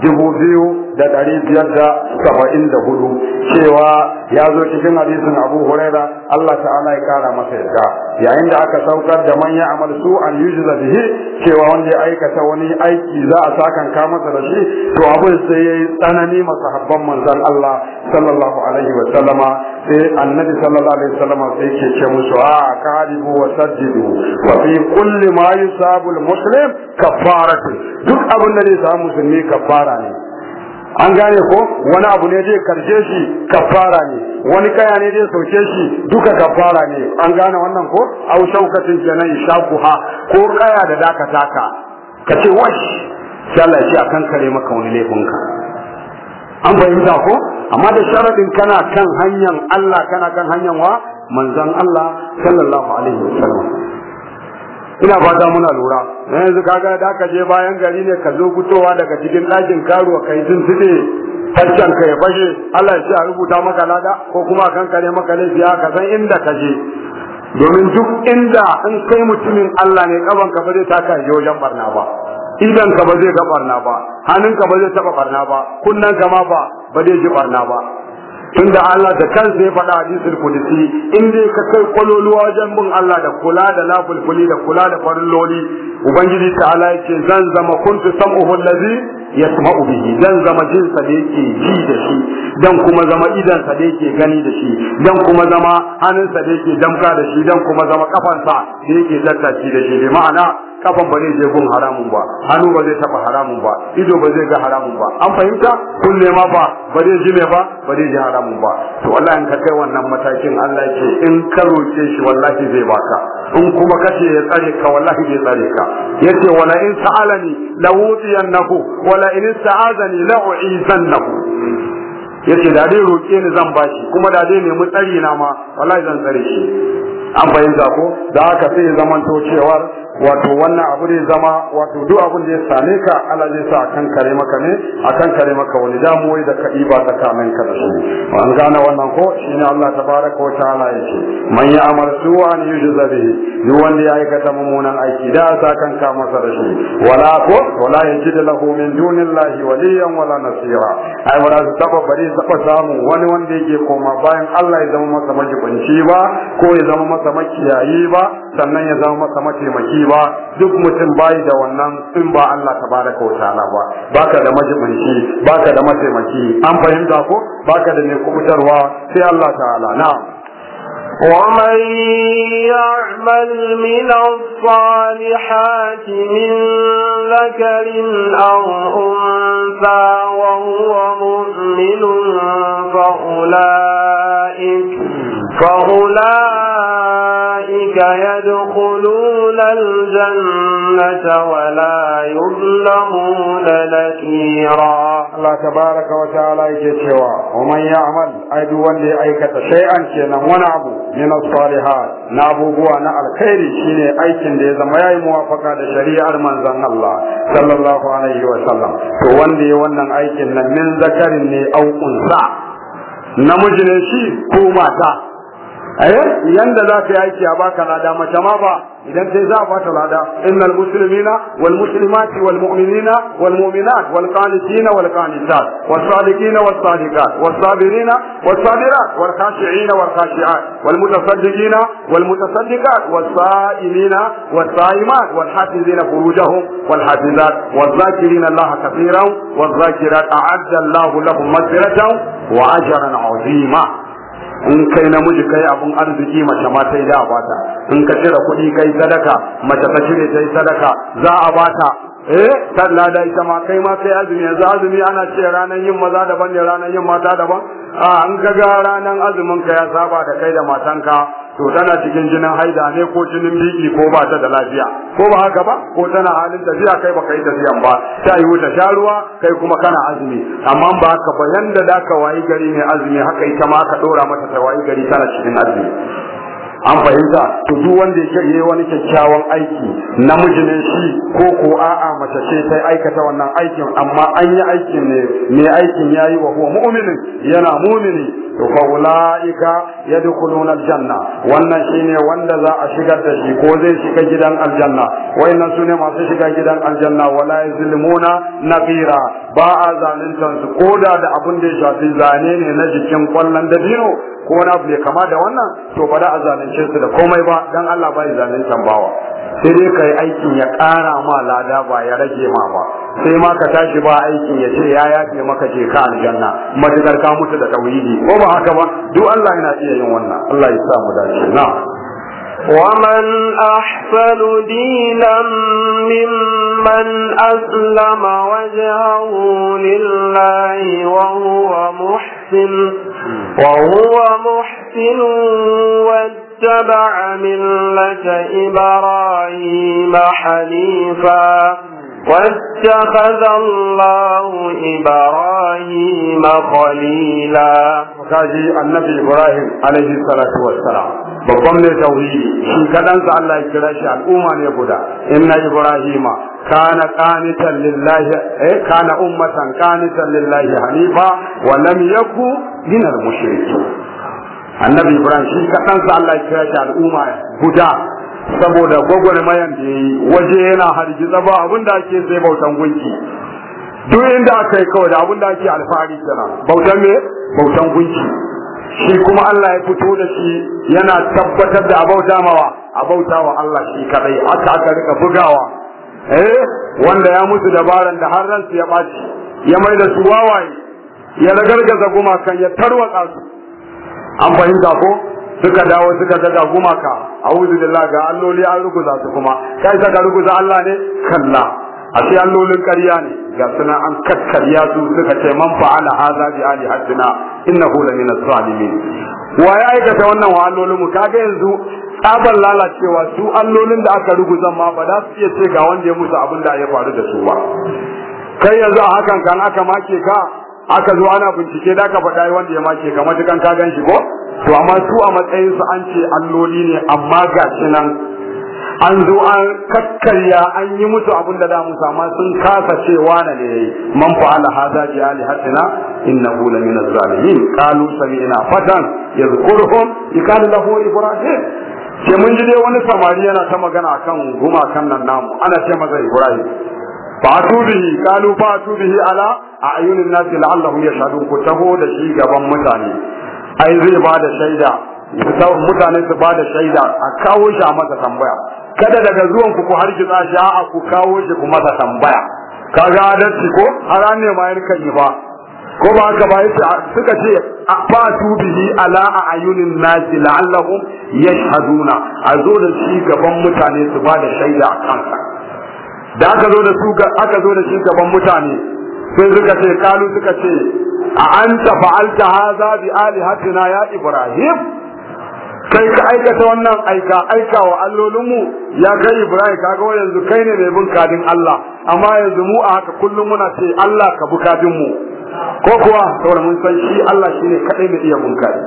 dubu biyu da ɗari biyar da saba'in da hudu cewa ya zo cikin hadisin abu huraira allah ta'ala ya kara masa yadda yayin da aka saukar da manya amal su an yujza bihi cewa wanda ya aikata wani aiki za a sakan ka masa da shi to abin sai yayi tsanani masahabban manzan allah sallallahu alaihi wa sallama sai annabi sallallahu alaihi wa sallama sai ke ce musu a kadibu wa saddidu wa fi kulli ma yusabu muslim kafaratu duk abin da zai samu musulmi kafara ne an gane ko wani abu ne zai karshe shi kafara ne wani kaya ne zai sauke shi duka kafara ne an gane wannan ko au shaukatin kenan ha ko kaya da daka taka ka ce wash sai Allah ya akan kare maka wani laifinka an fahimta ko amma da sharadin kana kan hanyar Allah kana kan hanyar wa manzon Allah sallallahu alaihi wasallam ina fata muna lura yanzu kaga da ka je bayan gari ne ka zo gutowa daga cikin ɗakin karuwa yi tun suke faccan ka ya fashe Allah ya ce a rubuta maka lada ko kuma kan kare maka laifi ka san inda ka je domin duk inda in kai mutumin Allah ne kaban ka ba zai taka je wajen barna ba idan ka ba zai ga barna ba hannun ka ba zai taba barna ba kunnan ka ma ba ba zai ji barna ba tunda Allah da kansa ya faɗa hadisul kudusi in dai ka kai kwaloluwa wajen bin Allah da kula da lafulfuli da kula da loli, ubangiji ta'ala yake zan zama kuntu sam'uhu allazi yasma'u bihi zan zama jin sa da yake ji da shi dan kuma zama idan sa da yake gani da shi dan kuma zama hannun sa da yake damka da shi dan kuma zama kafansa da yake tattaci da shi ma'ana kafan ba zai je gun haramun ba hannu ba zai taba haramun ba ido ba zai ga haramun ba an fahimta kulle ma ba ba zai ji me ba ba zai ji haramun ba to Allah in ka kai wannan matakin Allah ke in ka roke shi wallahi zai baka in kuma ce ya tsare ka wallahi zai tsare ka yace wala in sa'alani la utiyannahu wala in sa'azani la u'izannahu yace da dai roke ni zan bashi kuma da dai nemi tsari na ma wallahi zan tsare shi an fahimta ko da haka sai zaman to cewar wato wannan abu ne zama wato duk abin da ya same ka Allah zai sa akan kare maka ne akan kare maka wani damuwai da ka iba tsakanin ka da su an gane wannan ko ne Allah ta wa ta'ala yake man ya amal suwa an yujza bihi duk wanda ya aikata mummunan aiki da sa kan ka masa da shi wala ko wala da lahu min dunillahi waliyan wala nasira ai wala su taba bari taba samu wani wanda yake koma bayan Allah ya zama masa majibanci ba ko ya zama masa makiyayi ba sannan ya zama masa mataimaki ba duk mutum bai da wannan in ba Allah baraka wa ta'ala ba baka da majibinci baka da mataimaki an fahimta ko baka da ne kubutarwa sai Allah ta'ala na ومن يعمل من الصالحات من ذكر أو أنثى وهو مؤمن فأولئك فأولئك يدخلون الجنة ولا يظلمون نكيرا الله تبارك وتعالى يجتوى ومن يعمل أيد ولي أيكة شيئا كنا ونعبو من الصالحات نعبو بوانا الخير شيني أيكن دي زمياء موافقة لشريعة المنزل الله صلى الله عليه وسلم فوالي وانا أيكن من ذكر أو أنثى namiji ne shi ko mata ايه يندى ذاك ايتي اباك لادا ما شمابا اذا انت اذا فات لادا ان المسلمين والمسلمات والمؤمنين والمؤمنات والقانتين والقانتات والصادقين والصادقات والصابرين والصابرات والخاشعين والخاشعات والمتصدقين والمتصدقات والصائمين والصائمات والحافظين فروجهم والحافظات والذاكرين الله كثيرا والذاكرات اعد الله لهم مغفره واجرا عظيما in kai namiji kai abun arziki mace ma sai da bata in ka cire kuɗi kai sadaka mace ta cire sai sadaka za a bata eh sannan da ita ma kai ma kai azumi yanzu azumi ana ce ranar yin maza daban ne ranar yin mata daban a ah, in ga ranar azumin ka ya saba da kai da matanka to tana cikin jinin haida ne ko jinin biki ko ba ta da lafiya ko ba haka ba ko tana halin tafiya kai baka yi tafiyan ba ta yi wuta sharuwa? kai kuma kana azumi amma ba ka bayan da daka wayi gari ne azumi haka ita ma ka dora mata ta wayi gari tana cikin azumi an fahimta to duk wanda ya yi wani kyakkyawan aiki namiji ne shi ko ko a'a mace ce ta aikata wannan aikin amma an yi aikin ne mai aikin yayi wa huwa mu'minin yana mu'mini to fa ulaika yadkhuluna aljanna wannan shine wanda za a shigar da shi ko zai shiga gidan aljanna wayannan sune masu shiga gidan aljanna wala yuzlimuna nabira ba a zalunta su koda da abin da ya shafi zane ne na jikin kwallon dabino ko wani abu ne kama da wannan to ba da a zalunce su da komai ba dan Allah bai zaluntan bawa sai dai kai aikin ya ƙara ma lada ba ya rage ma ba sai ma ka tashi ba aikin ya ce ya yafe maka je ka aljanna matukar ka mutu da tauhidi ko ba haka ba duk Allah yana iya yin wannan Allah ya sa mu dace na'am ومن أحسن دينا ممن أسلم وجهه لله وهو محسن وهو محسن واتبع ملة إبراهيم حنيفا واتخذ الله إبراهيم خليلا kaji annabi Ibrahim alaihi salatu wassalam babban mai tauhidi shi kadansa Allah ya kira al'umma ne guda inna Ibrahima kana qanitan lillahi eh kana ummatan qanitan lillahi hanifa wa lam yaku min al-mushrikeen annabi Ibrahim shi Allah guda saboda mayan da ya yi waje yana hargitsa, ba abinda ake sai bautan gunki duk inda aka yi kawai da abin ake alfahari kenan bautan me bautan gunki shi kuma Allah ya fito da shi yana tabbatar da abauta mawa abauta wa Allah shi kadai haka aka rika bugawa eh wanda ya mutu dabaran da har ransu ya baci ya mai da su wawaye ya ragargaza gumakan ya tarwatsa su an fahimta ko suka dawo suka daga gumaka a'udhu billahi ga alloli an ruguza su kuma kai saka ruguza Allah ne kalla ashe allolin ƙarya ne ga suna an kakkarya su suka ce man fa'ala hadha bi ali haddina innahu la min as-salimin wa ya aikata wannan wa allolin mu kaga yanzu tsaban lalacewa su allolin da aka ruguza ma ba da su iya ce ga wanda ya musu abin da ya faru da su ba kai yanzu a hakan kan aka make ka aka zo ana bincike da ka faɗa yi wanda ya mace kamar dukan ka gan shi ko to amma su a matsayin su an ce alloli ne amma ga shi nan an zo an kakkarya an yi musu abin da damu amma sun kasa cewa na ne man ala hada bi alihatina innahu la min az-zalimin qalu sami'na fatan yadhkuruhum yaqalu lahu ibrahim ke mun ji dai wani samari yana ta magana akan gumakan nan namu ana ce maza ibrahim fatu bihi kalu fatu bihi ala ayunin nasi la'allahum yashhadun ku taho da shi gaban mutane ai zai ba da shaida mutane su ba da shaida a kawo shi a masa tambaya kada daga zuwan ku ku hargitsa shi a ku kawo shi ku masa tambaya kaga adalci ko haram ne ma yarkan yi ba ko ba ka ba yace suka ce fatu bihi ala ayunin nasi la'allahum yashhaduna a zo da shi gaban mutane su ba da shaida a kansa da aka zo da su aka zo da gaban mutane sai suka ce kalu suka ce a anta fa'alta hadha bi alihatina ya ibrahim kai ka aikata wannan aika aika wa allolinmu ya kai ibrahim kaga wa yanzu kai ne mai bin kadin allah amma yanzu mu a haka kullum muna ce allah ka bi kadin mu ko kuwa saboda mun san shi allah shine kadai mai iya bin kadi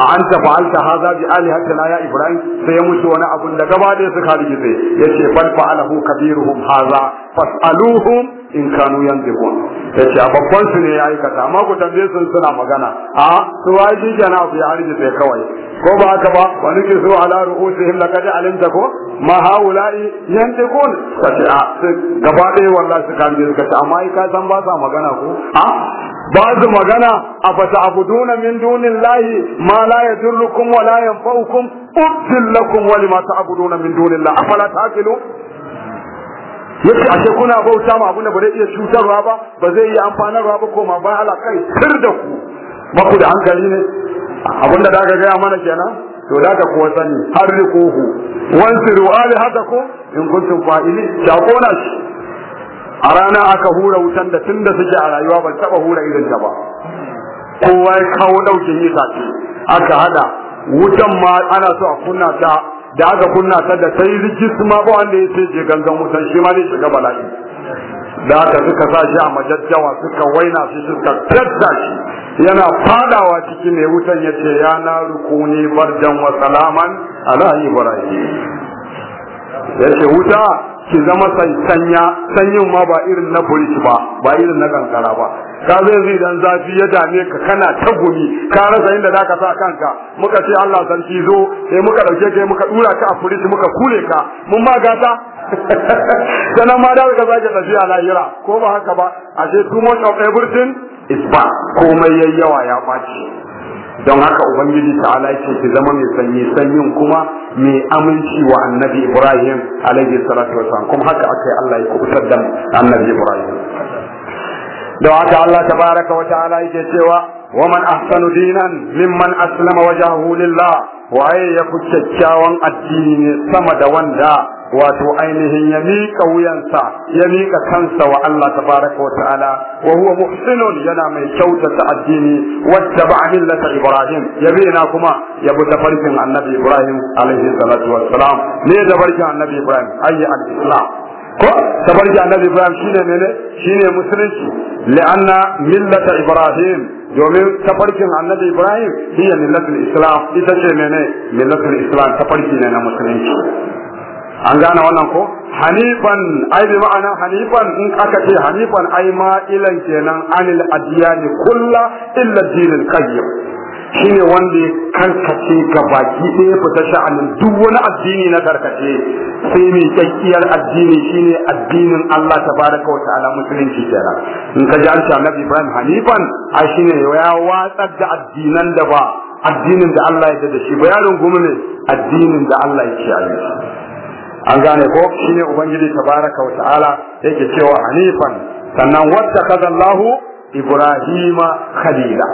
a an fa'alta hadha bi alihatina ya ibrahim sai ya mutu wani abun da gaba da suka rigice yace fal fa'alahu kabiruhum hadha fas'aluhum in kanu ta yace a babban su ne ya aikata amma ku tambaye sun suna magana a su yi jiya na abu ya arji sai kawai ko ba haka ba wani ke so ala ru'usihim laqad alimta ko ma haula'i ta ce a gaba ɗaya wanda su kan suka ce amma ka san ba sa magana ko a ba su magana a fata duna min dunin layi ma la yadurrukum wa la yanfa'ukum ubtil lakum wa lima duna min dunin dunillahi afala ta'qilun yace a ce kuna bauta ma abin da iya cutarwa ba ba zai iya amfanarwa ba ko ma ba ala kai sir da ku ba ku da hankali ne abin da daga gaya mana kenan to ka kuwa sani har rikuhu wansiru alihatakum in kuntum fa'ili ta kona shi a rana aka hura wutan da tunda da suke a rayuwa ban taba hura irin ta ba kowa ya kawo daukin yi aka hada wutan ma ana so a kunna ta da aka kunna ta da sai rigis ma ba wanda ya ce je gangan wutan shi ma ne shiga bala'i da aka suka sa shi a majajjawa suka waina su suka tadda shi yana fadawa cikin mai wutan ya ce ya na rukuni barjan wa salaman ala ibrahim ya ce wuta ki zama sanya sanyin ma ba irin na police ba ba irin na kankara ba ka zai zai dan zafi ya dame ka kana ta gumi ka rasa inda zaka sa kanka muka ce Allah sarki zo sai muka dauke kai muka dura ka a furishi muka kule ka mun ma gata sanan ma da ka zage tafiya lahira ko ba haka ba ce too much of everything is bad komai yayyawa ya baci don haka ubangiji ta'ala ce ki zama mai sanyi sanyin kuma mai aminci wa annabi ibrahim alaihi salatu wasalam kuma haka akai Allah ya kubutar da annabi ibrahim da haka Allah baraka wa ta'ala yake cewa wa man ahsanu dinan mimman aslama wajhahu lillah waye ya fi kyakkyawan addini ne sama da wanda wato ainihin ya miƙa wuyansa ya miƙa kansa wa Allah tabaraka wa ta'ala wa huwa muhsinun yana mai kyautata addini wacce ba millata Ibrahim ya bi ina kuma ya bi tafarkin annabi Ibrahim alaihi salatu wassalam ne da barkin annabi Ibrahim ayya al-islam ko tabarji annabi ibrahim shine mene shine musulunci la'anna millata ibrahim domin tafarkin annabi ibrahim hiya millatul islam ita ce mene millatul islam tafarki ne na musulunci an gane wannan ko hanifan ai bi ma'ana hanifan in aka ce hanifan ai ma ilan kenan anil adiyani kullu illa dinil qayyim shine wanda ya karkace ga baki ɗaya fita sha'anin duk wani addini na karkace sai mai kyakkiyar addini ne addinin Allah tabaraka wa ta'ala musulunci kenan in ka ji an ce Annabi Ibrahim Hanifan ai ya watsar da addinan da ba addinin da Allah ya da shi ba yaron ne addinin da Allah ya ce ayi an gane ko ne ubangiji tabaraka wa ta'ala yake cewa Hanifan sannan wata kazallahu Ibrahima khalila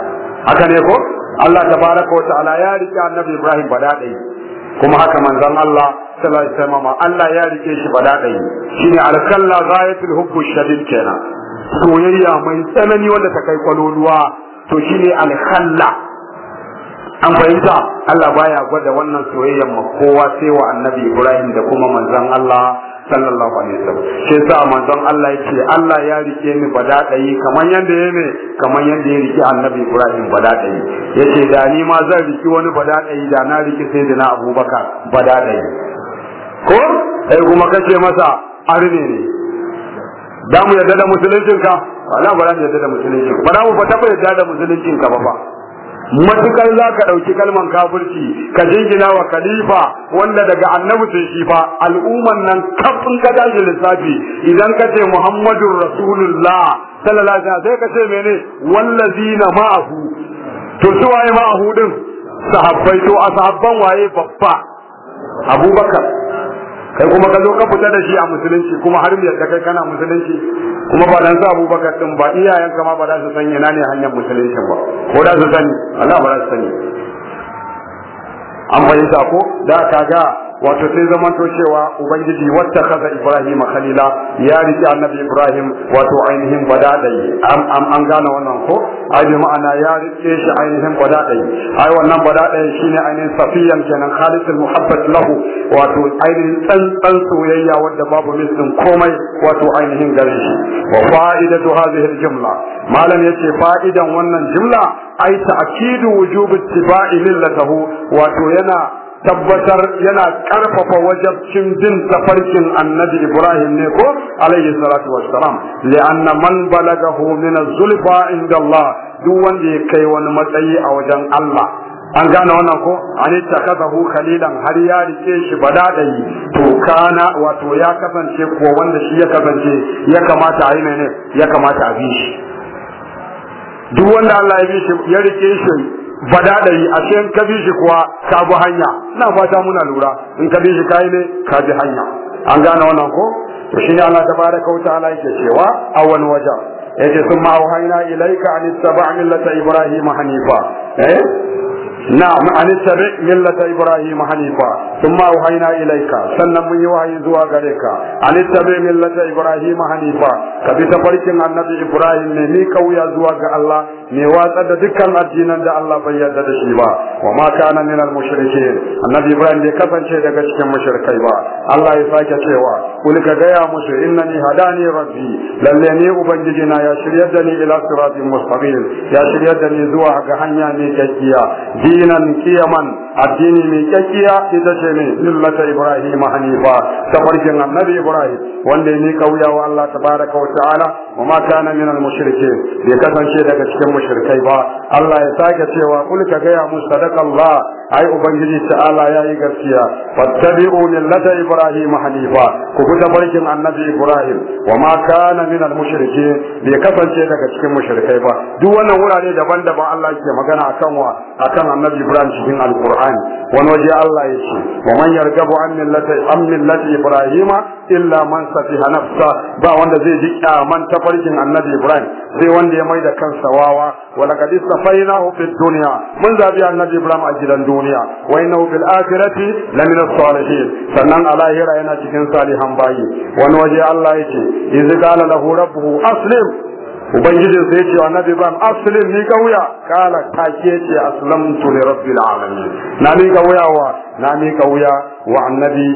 haka ne ko Allah tabaraka wa ta'ala ya rike annabi Ibrahim ba dai kuma haka manzon Allah sallallahu alaihi wasallam Allah ya rike shi bada dai shine alkalla ghayatul hubbu shadid kenan soyayya mai tsanani wanda ta kai kwaloluwa to shine alkhalla an fahimta Allah baya gwada wannan soyayyan ma kowa sai wa annabi Ibrahim da kuma manzon Allah sallallahu alaihi wasallam shi yasa manzon Allah yace Allah ya rike ni badadai kamar yanda ya ne kamar yanda ya rike annabi Ibrahim badadai yace da ni ma zan rike wani badadai da na rike da na Abubakar badadai ko sai kuma kace masa arne ne da mu yarda da musulunci ka wala ba za mu yarda da musuluncin ba za mu fata ba yarda da musuluncin ka ba ba matukar za ka ɗauki kalman kafirci ka jingina wa khalifa wanda daga annabi sai shi fa al'umman nan kafin ka tashi lissafi idan ka ce muhammadun rasulullah sallallahu alaihi sai ka ce mene wallazina ma'ahu to su waye ma'ahu din sahabbai to a sahabban waye babba abubakar kai kuma ka zo ka fita da shi a musulunci kuma har yadda kai kana musulunci kuma ba dan sa abubakar din ba iyayen kama ba za su san yana ne hanyar musulunci ba ko da su sani Allah ba za su sani an fahimta ko da kaga wato sai zaman to cewa ubangiji wata kaza ibrahim khalila ya riki annabi ibrahim wato ainihin badadai am an gane wannan ko ai bi ma'ana ya rike shi ainihin guda ai wannan guda shine ainihin safiyan kenan khalisul muhabbat lahu wato ainihin tsantsan soyayya wadda babu misin komai wato ainihin gare shi wa fa'idatu hadhihi al-jumla malam yace fa'idan wannan jumla ai ta'kidu wujubi ittiba'i millatahu wato yana tabbatar yana karfafa wajabcin bin tafarkin annabi Ibrahim ne ko alayhi salatu wassalam anna man balagahu min az-zulfa inda Allah duk wanda ya kai wani matsayi a wajen Allah an gane wannan ko an takadahu khalilan har ya rike shi badadai to kana wato ya kasance ko wanda shi ya kasance ya kamata a yi mene ya kamata a bi shi duk wanda Allah ya bi shi ya rike shi yi a cikin ka shi kuwa ka bi hanya ina fata muna lura in ka shi kai ne ka bi hanya an gane wannan ko to shine Allah tabaraka wa ta'ala yake cewa a wani wajen yace summa auhayna ilayka an ittaba'a millata ibrahima hanifa eh na'am an tabi ibrahim hanifa thumma wahayna ilaika sannan mun yi wahayi zuwa gare ka an tabi ibrahim hanifa ka bi tafarkin annabi ibrahim ne ni kauya zuwa ga Allah ne watsa da dukkan addinan da Allah bai yarda da shi ba wa ma kana min al mushrikin annabi ibrahim bai kasance daga cikin mushrikai ba Allah ya sake cewa kul ka gaya musu innani hadani rabbi lallai ne ubangiji na ya shirya da ni ila siratin ya shiryar da ni zuwa ga hanya ne mai dinan kiyaman addini mai kakkiya ita ce ne millata ibrahim hanifa ta farkin annabi ibrahim wanda ya mika wuya wa Allah tabaraka wa ta'ala wa ma kana min bai kasance daga cikin mushrikai ba Allah ya sake cewa kul ka ga ya musadaqallah ai ubangiji ta'ala yayi gaskiya fattabi'u millata ibrahim hanifa ku bi barkin annabi ibrahim wa ma kana min bai kasance daga cikin mushrikai ba duk wannan wurare daban-daban Allah ke magana akan wa akan annabi ibrahim cikin alqur'ani wani waje Allah ya ce wa man yargabu an millati an millati ibrahima illa man safiha nafsa ba wanda zai ji kyaman tafarkin annabi ibrahim sai wanda ya mai da kansa wawa wa laqad safainahu fid dunya mun zabi annabi ibrahim a gidan duniya wa innahu fil akhirati lamina salihin sannan a lahira yana cikin salihan bayi wani waje Allah ya ce idza qala lahu rabbuhu aslim ubangijin sai ce annabi ban aslim ni kauya kala take ce aslamtu li rabbil alamin na ni kauya wa na ni kauya wa annabi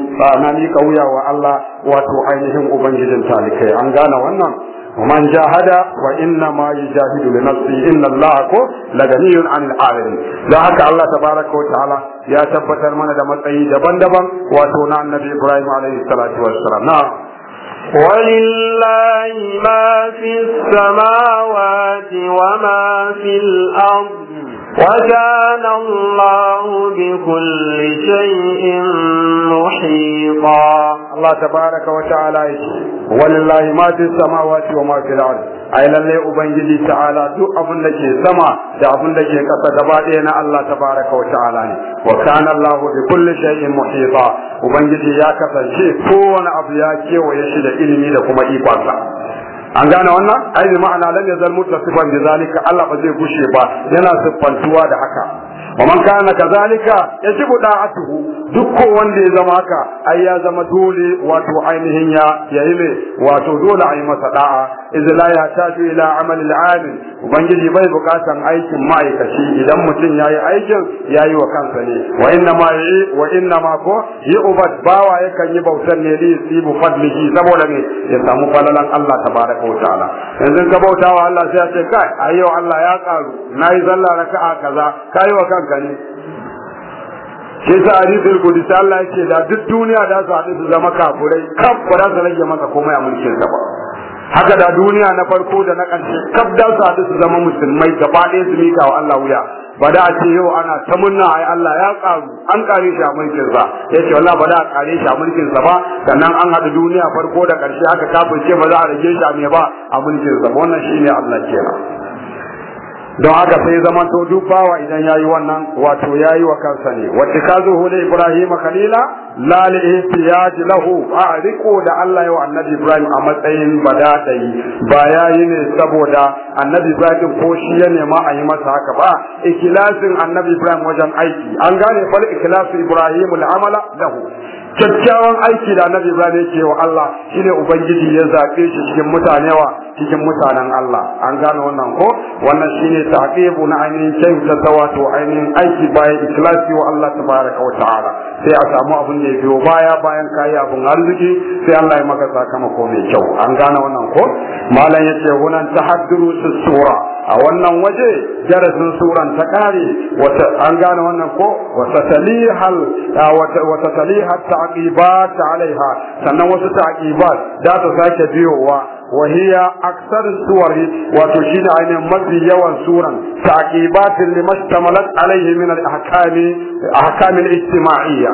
na ni kauya wa Allah wato ainihin ubangijin talikai an gane wannan ومن جاهد وانما يجاهد لنفسه ان ko لغني عن العالمين da haka Allah tabaraka wa ta'ala ya tabbatar mana da matsayi daban-daban wato na annabi Ibrahim alaihi salatu wassalam ولله ما في السماوات وما في الأرض وكان الله بكل شيء محيطا الله تبارك وتعالى ولله ما في السماوات وما في الارض ai lalle ubangiji ta'ala duk abin da ke sama da abin da ke kasa gaba ɗaya na Allah tabaraka wa ta'ala ne wa kana Allahu bi kulli shay'in muhita ubangiji ya kasance kowane abu ya kewaye shi da ilimi da kuma ikonsa an gane wannan ai bi ma'ana lam yazal mutasifan bi zalika Allah ba zai gushe ba yana siffantuwa da haka wa man kana kazalika yajibu da'atuhu dukkan wanda ya zama haka ai ya zama dole wato ainihin ya yayi ne wato dole ai masa da'a idza la yahtaju ila amal al ubangiji bai bukatan aikin ma'aikaci idan mutum yayi aikin yayi wa kansa ne wa inna ma yi wa inna ma ko yi ubad bawa yakan yi bautan ne li yusibu fadlihi saboda ne ya samu falalan Allah tabaraka wa ta'ala yanzu ka wa Allah sai ya ce kai ayo Allah ya karu nayi zalla raka'a kaza kai wa amfani sai sa hadisul qudsi Allah yake da duk duniya da su haɗu su zama kafurai kaf ba za su rage masa komai a mulkin sa ba haka da duniya na farko da na ƙarshe kaf da su haɗu su zama musulmai gaba ɗaya su mika wa Allah wuya ba da a ce yau ana ta munna ai Allah ya ƙaru an ƙare shi a mulkin sa yace wallahi ba da a ƙare shi a mulkin sa ba sannan an haɗu duniya farko da ƙarshe haka ce ba za a rage shi a me ba a mulkin sa wannan shine Allah kenan don haka sai zaman to duk bawa idan yayi wannan wato yayi wa kansa ne wa tikazuhu li ibrahim khalila la li ihtiyaj lahu a riko da Allah yau annabi ibrahim a matsayin badadai ba yayi ne saboda annabi ibrahim ko shi ya nema a yi masa haka ba ikilasin annabi ibrahim wajen aiki an gane fal ikilasu ibrahim al amala lahu kyakkyawan aiki da annabi Ibrahim yake wa Allah shine ubangiji ya zabe shi cikin mutane wa cikin mutanen Allah an gane wannan ko wannan shine taqibu na ainihin kyan ta wato ainihin aiki bayan ikhlasi wa Allah tabaraka wa ta'ala sai a samu abin da ya biyo baya bayan kayi abin arziki sai Allah ya maka sakamako mai kyau an gane wannan ko malam yace wannan tahadduru sura a wannan waje darasin suran ta kare wata an gane wannan ko wata talihal wata talihat ta'qibat alaiha sannan wasu ta'qibat za ta sake biyowa wa hiya aksar suwari wato shine ainihin mafi yawan suran taqibatin limashtamalat alaihi min al-ahkami ahkam al-ijtima'iyya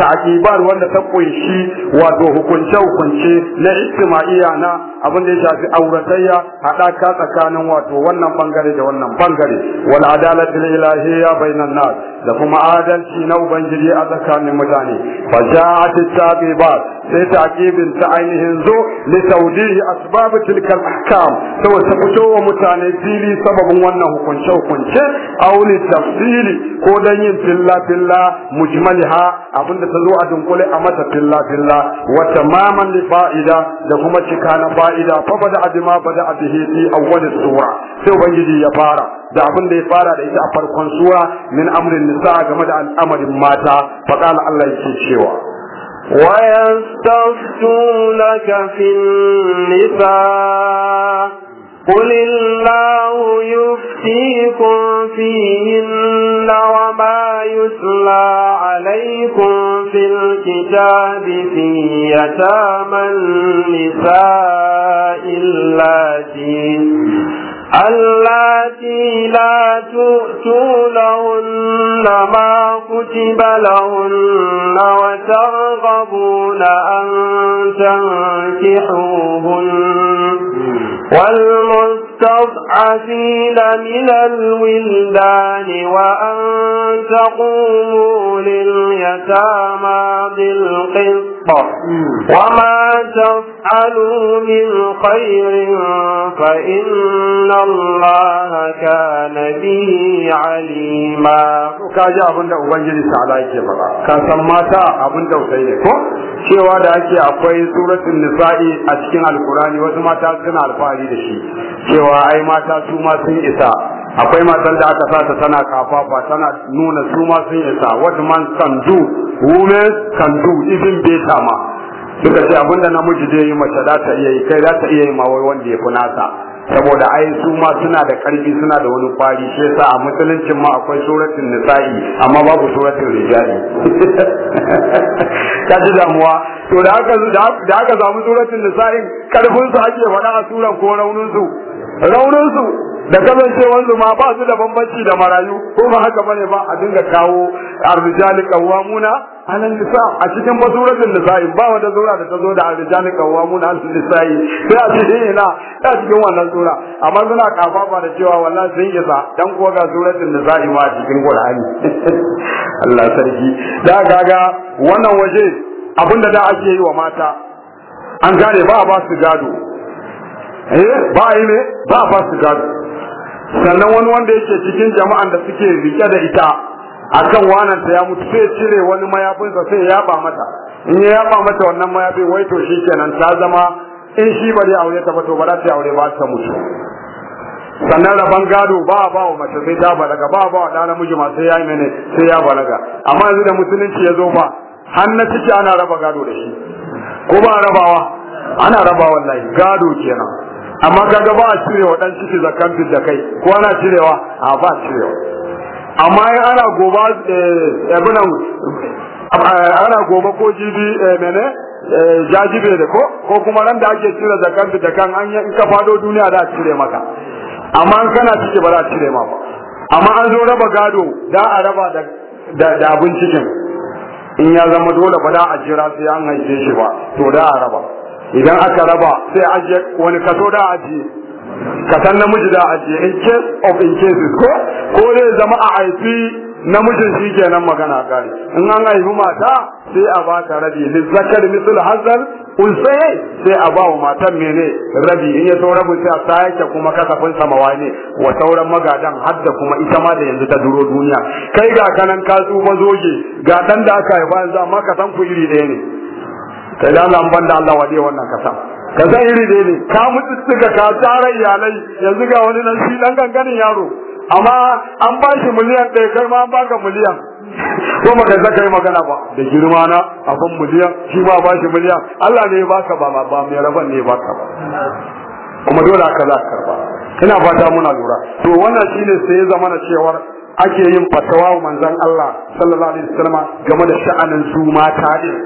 taqibat wanda ta kunshi wato hukunce hukunce na ijtima'iyya na abin da ya shafi auratayya hadaka tsakanin wato wannan bangare da wannan bangare wal adalatu ilahiyya bainan nas da kuma adalci na ubangiji a tsakanin mutane fa ja'at at-taqibat sai taqibin ta ainihin zo li saudi fihi asbab tilkal ahkam saboda ta fito wa mutane fili sababin wannan hukunce hukunce aw li tafsili ko dan yin filla filla mujmalha abinda ta zo a dunkule a mata filla filla wa tamaman li fa'ida da kuma cika na fa'ida fa bada adima bada bihi fi awwal sura sai ubangiji ya fara da abin da ya fara da ita a farkon sura min amrin nisa game da al'amarin mata faqala Allah yake cewa ويستفتونك في النساء قل الله يفتيكم فيهن وما يسلى عليكم في الكتاب في يتامى النساء اللاتي اللاتي لا تؤتونهن ما كتب لهن وترغبون أن تنكحوهن والمسلمين المستضعفين من الولدان وأن تقوموا لليتامى بالقسط وما تفعلوا من خير فإن الله كان به عليما kaji abin da ubangiji ta'ala yake faɗa ka san mata abin cewa da ake akwai suratul nisa'i a cikin alkurani wasu mata suna alfahari da shi cewa ai mata su ma sun isa akwai matan da aka sata tana kafafa tana nuna su ma sun isa what man can do women can do even better ma suka ce abinda namiji zai yi mace za ta iya yi kai za ta iya yi ma wai wanda ya fi nasa saboda ai su ma suna da karfi suna da wani kwari shi yasa a musuluncin ma akwai suratul nisa'i amma babu suratul rijali ta ji damuwa to da aka da aka samu suratul nisa'i karfin su ake faɗa a suran ko raunin su rauninsu da kasancewansu ma ba su da bambanci da marayu ko ba haka bane ba a dinga kawo arrijali qawwamuna ala nisa a cikin basuratul nisa'i ba wata sura da ta zo da arrijali qawwamuna ala nisa'i sai a cikin ina ta cikin wannan sura amma suna kafafa da cewa wallahi sun isa dan kuwa ga suratul nisa'i ma a cikin qur'ani Allah sarki da gaga wannan waje abinda da ake yi wa mata an gane ba ba su gado eh ba yi ne ba a basu gado sannan wani wanda yake cikin jama'an da suke rike da ita akan wanan ta ya mutu sai cire wani mayafinsa sai ya ba mata in ya yaba mata wannan mayafin wai to shi kenan ta zama in shi ba dai aure ta ba to ba za ta aure ba ta mutu sannan rabon gado ba ba wa mace sai ta balaga ba ba wa ɗa namiji ma sai ya yi mene sai ya balaga amma yanzu da musulunci ya zo ba har na ciki ana raba gado da shi ko ba rabawa ana raba wallahi gado kenan amma kaga ba a wa dan ciki zakan da kai ko ana cirewa a ba cirewa amma in ana goba eh, abinan eh, ana goba ko jibi eh, mene jajibe da ko ko kuma ran da ake cire zakan da kan an in ka fado duniya da a cire maka amma in kana ciki ba za a cire ma ba amma an zo raba gado da a raba da da abin cikin in ya zama dole ba da a jira sai an haife shi ba to da a raba idan aka raba sai ajiye wani kaso da ajiye kasan namiji da ajiye in case of in cases ko ko zai zama a haifi namijin shi kenan magana kare in an haifi mata sai a ba ta rabi lizzakar misul hazar ulsaye sai a ba wa matan mene rabi in ya saura rabin sai a sake kuma kasafin samawa ne wa sauran magadan har da kuma ita ma da yanzu ta duro duniya kai ga kanan ka tsufa zoge ga dan da aka haifa yanzu amma ka san ku iri ɗaya ne kai da Allah ban da Allah wade wannan kasa ka san iri da ne ka tsiga ka tsara iyalai yanzu ga wani nan shi dan ganganin yaro amma an ba shi miliyan ɗaya kai ma an ka miliyan ko ka zaka yi magana ba da girma na a ban miliyan shi ba ba shi miliyan Allah ne ya baka ba ba mai rabon ne ya baka ba kuma dole aka za ka karba ina fata muna lura to wannan shine sai ya zama na cewar ake yin fatawa manzon Allah sallallahu alaihi wasallam game da sha'anin su mata din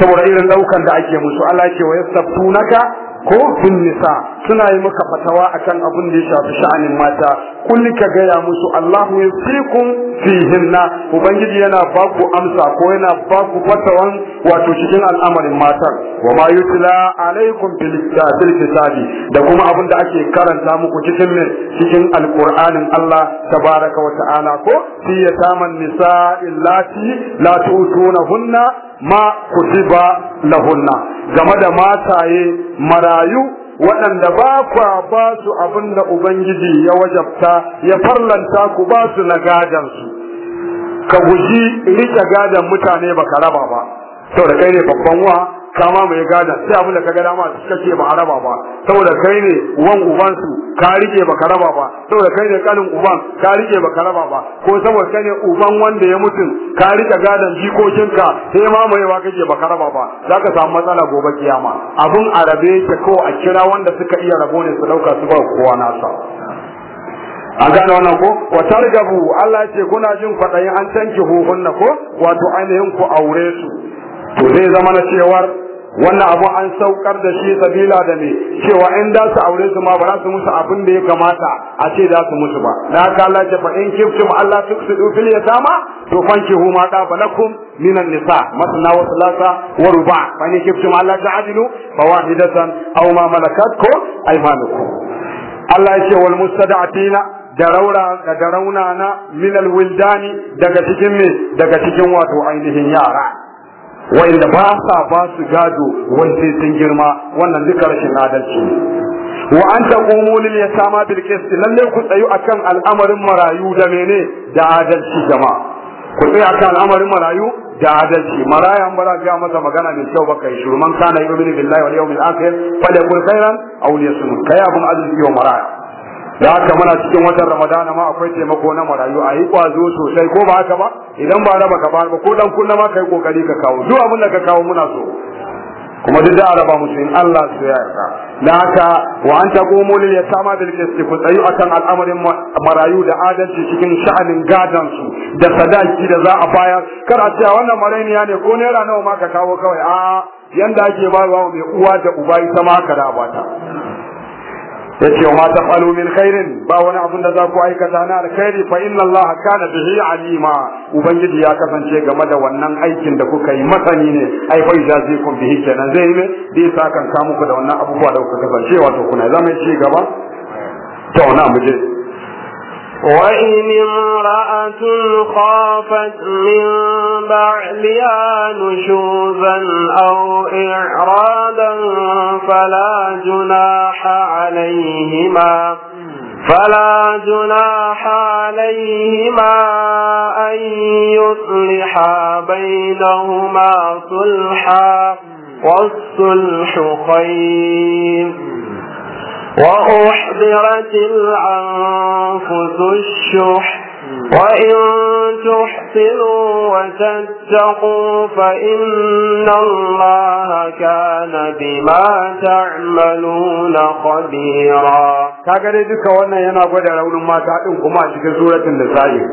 saboda irin daukan da ake musu Allah ke wa yastaftunaka ko fin nisa suna yi maka fatawa akan abin da ya shafi sha'anin mata kun ka gaya musu Allahu yasikum fihinna ubangiji yana ba ku amsa ko yana ba ku fatawan wato cikin al'amarin mata wa ma yutla alaikum fil kitabi da kuma abin da ake karanta muku cikin min cikin alqur'anin Allah tabaraka wa ta'ala ko fi yataman nisa illati la tutunahunna ma kutiba lahunna game da mataye marayu waɗanda ba kwa ba su abin da ubangiji ya wajabta ya farlanta ku ba su na su, ka guji rike gadan mutane baka raba ba da kai ne babban wa ka ma mai gada sai abin da ka ga dama suka ce ba haraba ba saboda kai ne uwan uban su ka rike ba ka ba saboda kai ne kanin uban ka rike ba ka ba ko saboda kai ne uban wanda ya mutu ka rike gadan jikokinka sai ma mai wa kake ba ka raba ba zaka samu matsala gobe kiyama abun arabe ke ko a kira wanda suka iya rabo ne su dauka su ba kowa nasa an gane wannan ko wa targabu Allah ce kuna jin fadayin an tanki na ko wato ainihin ku aure su to zai zama na cewar wannan abu an saukar da shi sabila da ne cewa in da su aure su ma ba za su musu abin da ya kamata a ce za su musu ba na ka Allah ya fa in kiftum Allah tuksidu fil yatama to fanki huma da balakum minan nisa masna wa thalatha wa ruba fa in kiftum Allah ta'dilu wahidatan aw ma malakatkum aymanukum Allah ya ce wal mustada'atina da da raunana minal wildani daga cikin me daga cikin wato ainihin yara wa'inda ba sa ba su gado wanda sun girma wannan duka rashin adalci ne wa an taqumu lil yatama bil qist lalle ku tsayu akan al'amarin marayu da mene da adalci jama'a ku tsaya akan al'amarin marayu da adalci maraya an bara ga masa magana mai cewa kai shurman kana yubi billahi wal yawmil akhir falyakul khairan aw liyasmut kai abun adalci wa maraya da haka muna cikin watan ramadana ma akwai taimako na marayu Ayi, kwazo sosai ko ba haka ba idan ba raba ka ba ba ko dan kunna ma kai kokari ka kawo duk abin da ka kawo muna so kuma duk da araba musu in Allah su ya yarda da haka wa anta qumu lil yatama bil qist ku tsayu akan al'amarin marayu da adalci cikin sha'anin gadan su da sadaki da za a baya kar a ce wannan marayu ne ko naira nawa ma ka kawo kawai a yanda ake ba wa mai uwa da uba ita ma ka rabata yace wa ma tafalu min khairin ba wani abin da za ku aikata na alkhairi fa inna allaha kana bihi alima ubangiji ya kasance game da wannan aikin da kuka yi masani ne ai fa yajazikum bihi kenan zai yi dai sa ka muku da wannan abubuwa da kuka kasance wato kuna zama ci gaba to na muje وإن امرأة خافت من بعلها نشوزا أو إعرادا فلا جناح عليهما فلا جناح عليهما أن يصلحا بينهما صلحا والصلح خير وأحضرت الأنفس الشح وإن تحسنوا وتتقوا فإن الله كان بما تعملون خبيرا kaga dai duka wannan yana gwada raunin mata din kuma a cikin suratul nisa'i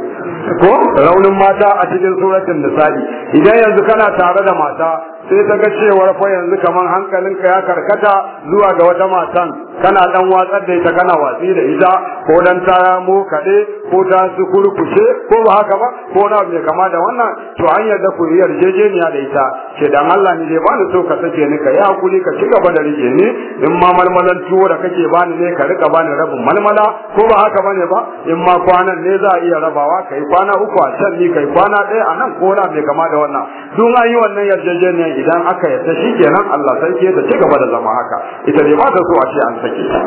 ko raunin mata a cikin suratul nisa'i idan yanzu kana tare da mata sai ta ga cewar fa yanzu kamar hankalinka ya karkata zuwa ga wata matan kana dan watsar da ita kana watsi da ita ko dan taya mu kade ko ta su kurkushe ko ba haka ba ko na me kama da wannan to an yarda ku yarjejeniya da ita ce dan Allah ni dai bani so ka sake ni ka yi hakuri ka ci gaba da rike ni in ma malmalan tuwo da kake bani ne ka rika bani rabin malmala ko ba haka bane ba in ma kwanan ne za a iya rabawa kai kwana uku a can ni kai kwana ɗaya a nan ko na me kama da wannan duk an yi wannan yarjejeniya idan aka yarda shikenan Allah sarki ya ci gaba da zama haka ita ne ba ta so a ce an sake ta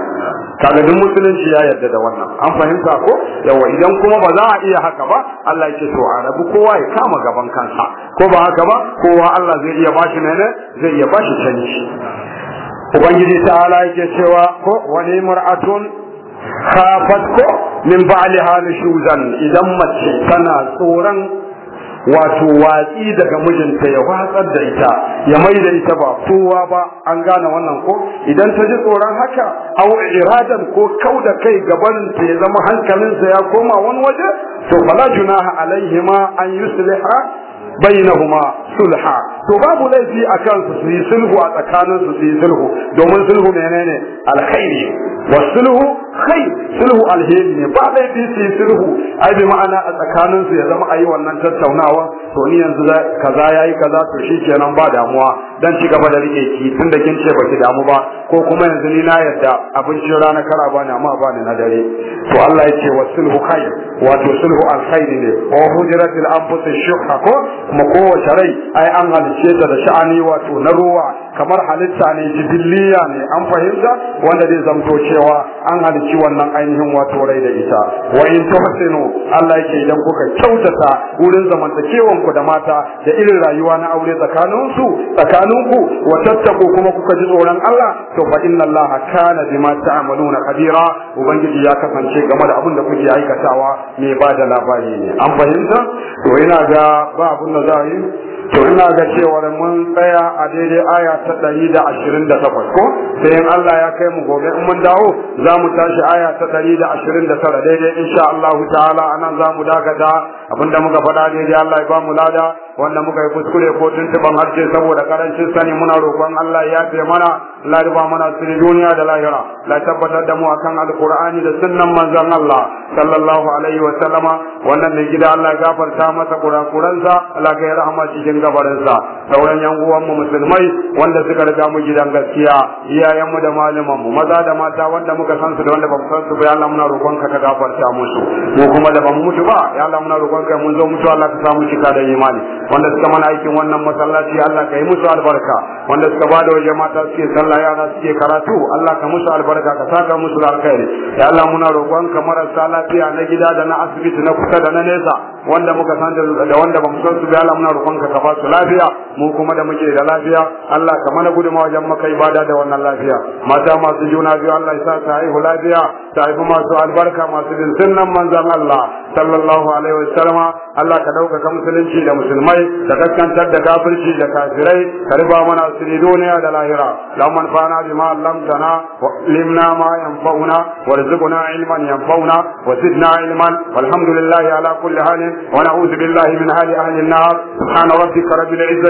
kaga duk musulunci ya yarda da wannan an fahimta ko yawa idan kuma ba za a iya haka ba Allah yake to a rabu kowa ya kama gaban kansa ko ba haka ba kowa Allah zai iya bashi ne zai iya bashi canji ubangiji ala yake cewa ko wani mar'atun khafat ko min ba'liha nushuzan idan mace tana tsoron wato watsi daga mijinta ya watsar da ita ya mai da ita ba kowa ba an gane wannan ko idan ta ji tsoron haka au iradan ko kau da kai gaban ta ya zama hankalinsa ya koma wani waje to fala junaha alaihima an yusliha bainahuma sulha to babu laifi a kansu su yi sulhu a tsakaninsu su yi sulhu domin sulhu menene alkhairi wa sulhu khair sulhu alheri ne ba laifi su yi sulhu ai bi ma'ana a tsakaninsu ya zama a yi wannan tattaunawa to ni yanzu kaza yayi kaza to kenan ba damuwa dan ci gaba da rike ki da kin ce baki damu ba ko kuma yanzu ni na yarda abincin rana kara ba ni amma ba ni na dare to Allah ya ce wa sulhu khair wato sulhu alkhairi ne wa hujratil anfusish shuhha ko kuma kowace rai ai an halice ɗauke ta da sha'ani wato na ruwa kamar halitta ne jibiliya ne an fahimta wanda zai zamto cewa an halici wannan ainihin wato rai da ita wa in tuhsinu Allah yake idan kuka kyautata wurin zamantakewan ku da mata da irin rayuwa na aure tsakanin su tsakanin ku wa tattaku kuma kuka ji tsoron Allah to fa inna Allah kana bima ta'maluna qadira ubangiji ya kasance game da abin da kuke aikatawa me ba da labari ne an fahimta to ina ga ba abin da za yi to ina ga cewa cewar mun tsaya a daidai aya ta ɗari da ashirin da takwas ko sai in Allah ya kai mu gobe in mun dawo za mu tashi aya ta ɗari da ashirin da tara daidai insha Allah ta'ala a nan za mu dakata abinda muka faɗa daidai Allah ya ba mu lada wanda muka yi kuskure ko tuntuɓan harshe saboda karancin sani muna roƙon Allah ya yafe mana Allah ba mana sirri duniya da lahira la tabbatar da mu akan alqur'ani da sunnan manzon Allah sallallahu alaihi wa sallama wannan ne gida Allah ya gafarta masa kurakuransa Allah ya rahama cikin gabarinsa sauran yan uwan mu musulmai wanda suka riga mu gidan gaskiya iyayen mu da malaman mu maza da mata wanda muka san su da wanda ba mu san su ba ya Allah muna roƙon ka ka gafarta musu mu kuma da ba mu mutu ba ya Allah muna roƙon ka mun zo mutu Allah ka samu cika da imani wanda suka mana aikin wannan masallaci Allah ka yi musu albarka wanda suka ba da waje mata suke sallah yara suke karatu Allah ka musu albarka ka saka musu alkhairi ya Allah muna roƙon ka marasa lafiya na gida da na asibiti na kusa da na nesa wanda muka san da wanda ba mu san su ba Allah muna roƙon ka ka ba su lafiya mu kuma da muke da lafiya Allah ka mana gudunmawa wajen maka ibada da wannan lafiya mata masu juna biyu Allah ya sa ta haihu lafiya ta haifi masu albarka masu bin sunnan manzon Allah sallallahu alaihi wasallam Allah ka ɗaukaka musulunci da musulmai da kaskantar da kafirci da kafirai ka riba mana asiri duniya da lahira lam manfa'na bima allamtana wa limna ma yanfa'una warzuqna ilman yanfa'una wa zidna ilman walhamdulillahi ala kulli halin wa na'udzu billahi min hali ahli an-nar subhana rabbika rabbil izzati